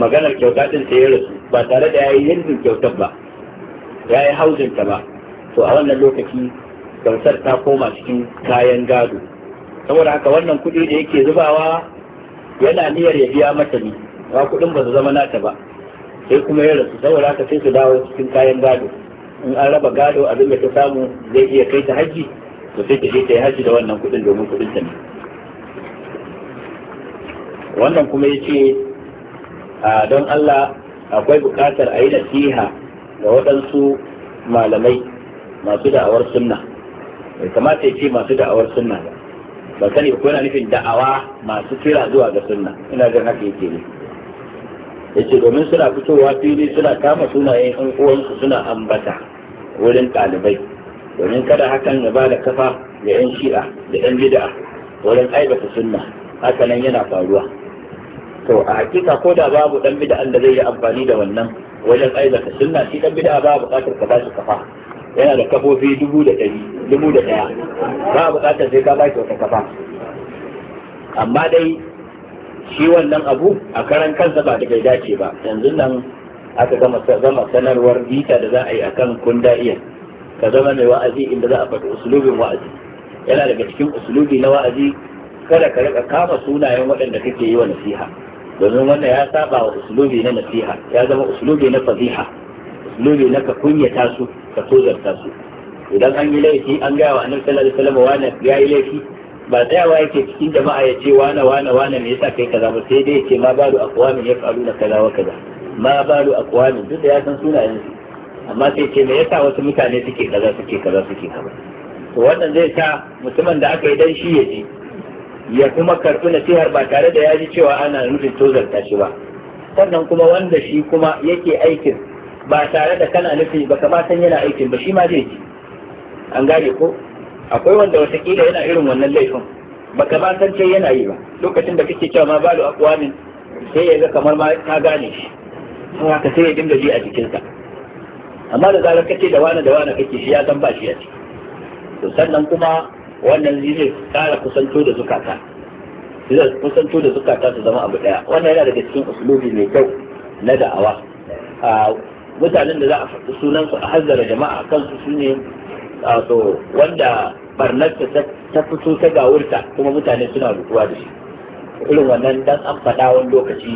[SPEAKER 1] maganar kyauta din sai ya rasu ba tare da ya yi yanzu kyautar ba ya yi hauzinta ba to a wannan lokaci gamsar ta koma cikin kayan gado saboda haka wannan kuɗi da yake zubawa yana niyyar ya biya mata ne ba kuɗin ba su zama nata ba sai kuma ya rasu saboda haka sai su dawo cikin kayan gado in an raba gado abin da ta samu zai iya kai ta hajji to sai ta je ta yi hajji da wannan kuɗin domin kuɗin ta ne wannan kuma ya ce don Allah akwai buƙatar a yi nasiha ga waɗansu malamai masu da'awar sunna bai kamata ya ce masu da'awar sunna ba ba sani ko yana nufin da'awa masu kira zuwa ga sunna ina ga haka yake ne yace domin suna fitowa fili suna kama sunayen yan uwansu suna ambata wurin ɗalibai domin kada hakan ya ba da kafa ga yan shi'a da yan bid'a wurin aibata sunna haka nan yana faruwa to a hakika ko da babu dan bid'a da zai yi amfani da wannan wajen aibata sunna shi dan bid'a ba buƙatar ka tashi kafa yana da kafofi dubu da ɗari dubu da ɗaya ba a buƙatar sai ka baki wata kafa amma dai shi wannan abu a karan kansa ba da bai dace ba yanzu nan aka gama sanarwar bita da za a yi akan da'iyan ka zama mai wa'azi inda za a faɗi usulubin wa'azi yana daga cikin usulubi na wa'azi kada ka rika kama sunayen waɗanda kake yi wa nasiha domin wannan ya saba wa usulubi na nasiha ya zama usulubi na fasiha nuni na ka kunyata su ka tozarta su idan an yi laifi an gaya wa annabi sallallahu alaihi wasallam wani ya yi laifi ba tsayawa yake cikin jama'a ya ce wani wani wani me yasa kai kaza ba sai dai ya ce ma balu aqwamin na kaza wa kaza ma balu aqwamin duk da ya san sunayen su amma sai ce me yasa wasu mutane suke kaza suke kaza suke kaza to wannan zai sa mutumin da aka yi dan shi ya ji ya kuma karɓi nasihar ba tare da ya ji cewa ana nufin tozarta shi ba sannan kuma wanda shi kuma yake aikin ba tare da kana nufi ba san yana aikin ba shi ma zai ji an gane ko akwai wanda watakila yana irin wannan laifin ba san ce yana yi ba lokacin da kake cewa ma balu aqwamin sai ya ga kamar ma ka gane shi kuma haka sai ya dinga ji a jikinsa amma da zarar kake da wani da wani kake shi ya san ba shi ya ci to sannan kuma wannan zai kara kusanto da zukata zai kusanto da zukata su zama abu daya wannan yana daga cikin usulubi mai kyau na da'awa ah, mutanen da za a faɗi sunansu a hanzara jama'a kansu su ne wato wanda barnar ta fito ta gawurta kuma mutane suna rutuwa da shi irin wannan dan an faɗa wani lokaci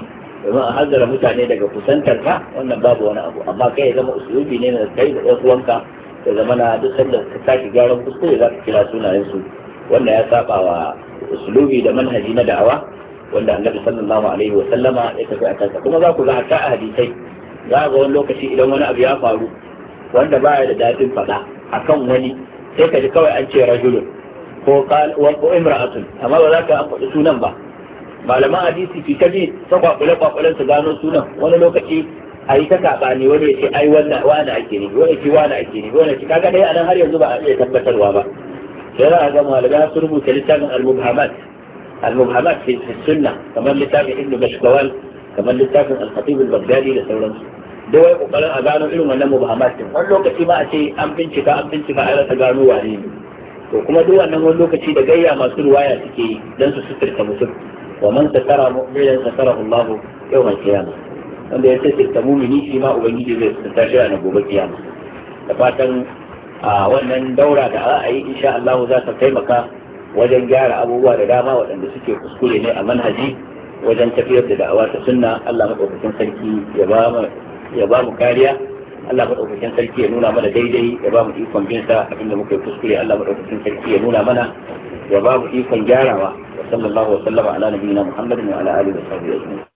[SPEAKER 1] domin a hanzara mutane daga kusantar ka wannan babu wani abu amma kai ya zama usulubi ne na kai da ɗan uwanka da zama na duk sanda ka sake gyaran kuskure za ka kira sunayensu wanda ya saba wa usulubi da manhaji na da'awa wanda annabi sallallahu alaihi wa sallama ya tafi a kansa kuma za ku ga hatta a hadisai za ga wani lokaci idan wani abu ya faru wanda ba ya da daɗin faɗa kan wani sai ka ji kawai an ce rajulun ko ko imra'atun amma ba za ka an faɗi sunan ba malaman hadisi fi kaji ta kwakwale kwakwalen su gano sunan wani lokaci a yi ta ne wani ya ce ai wannan wani ake ne wani ce wani ake ne wani ce kaga dai anan har yanzu ba a iya tabbatarwa ba sai za a ga malaman su rubuta littafin al-mubhamat al-mubhamat fi sunna kamar littafin ibnu mashkawal kamar littafin al al-baghdadi da sauransu da wai kokarin a gano irin wannan mubahamat wani lokaci ba a ce an bincika an bincika a rasa gano wane ne to kuma duk wannan wani lokaci da gayya masu ruwaya suke yi dan su suturta mutum wa man satara mu'minan satarahu Allah yawmal qiyamah wanda ya suturta mu'mini shi ma ubangiji zai suturta shi a gobe kiyama da fatan a wannan daura da za a yi insha Allah za ta taimaka wajen gyara abubuwa da dama waɗanda suke kuskure ne a manhaji wajen tafiyar da da'awa ta sunna Allah madaukakin sarki ya ba mu kariya Allah madaukakin sarki ya nuna mana daidai ya ba mu ikon bin sa da muka yi kuskure Allah madaukakin sarki ya nuna mana ya ba mu ikon gyarawa wa sallallahu wa sallama ala nabiyina Muhammadin wa ala alihi wa sahbihi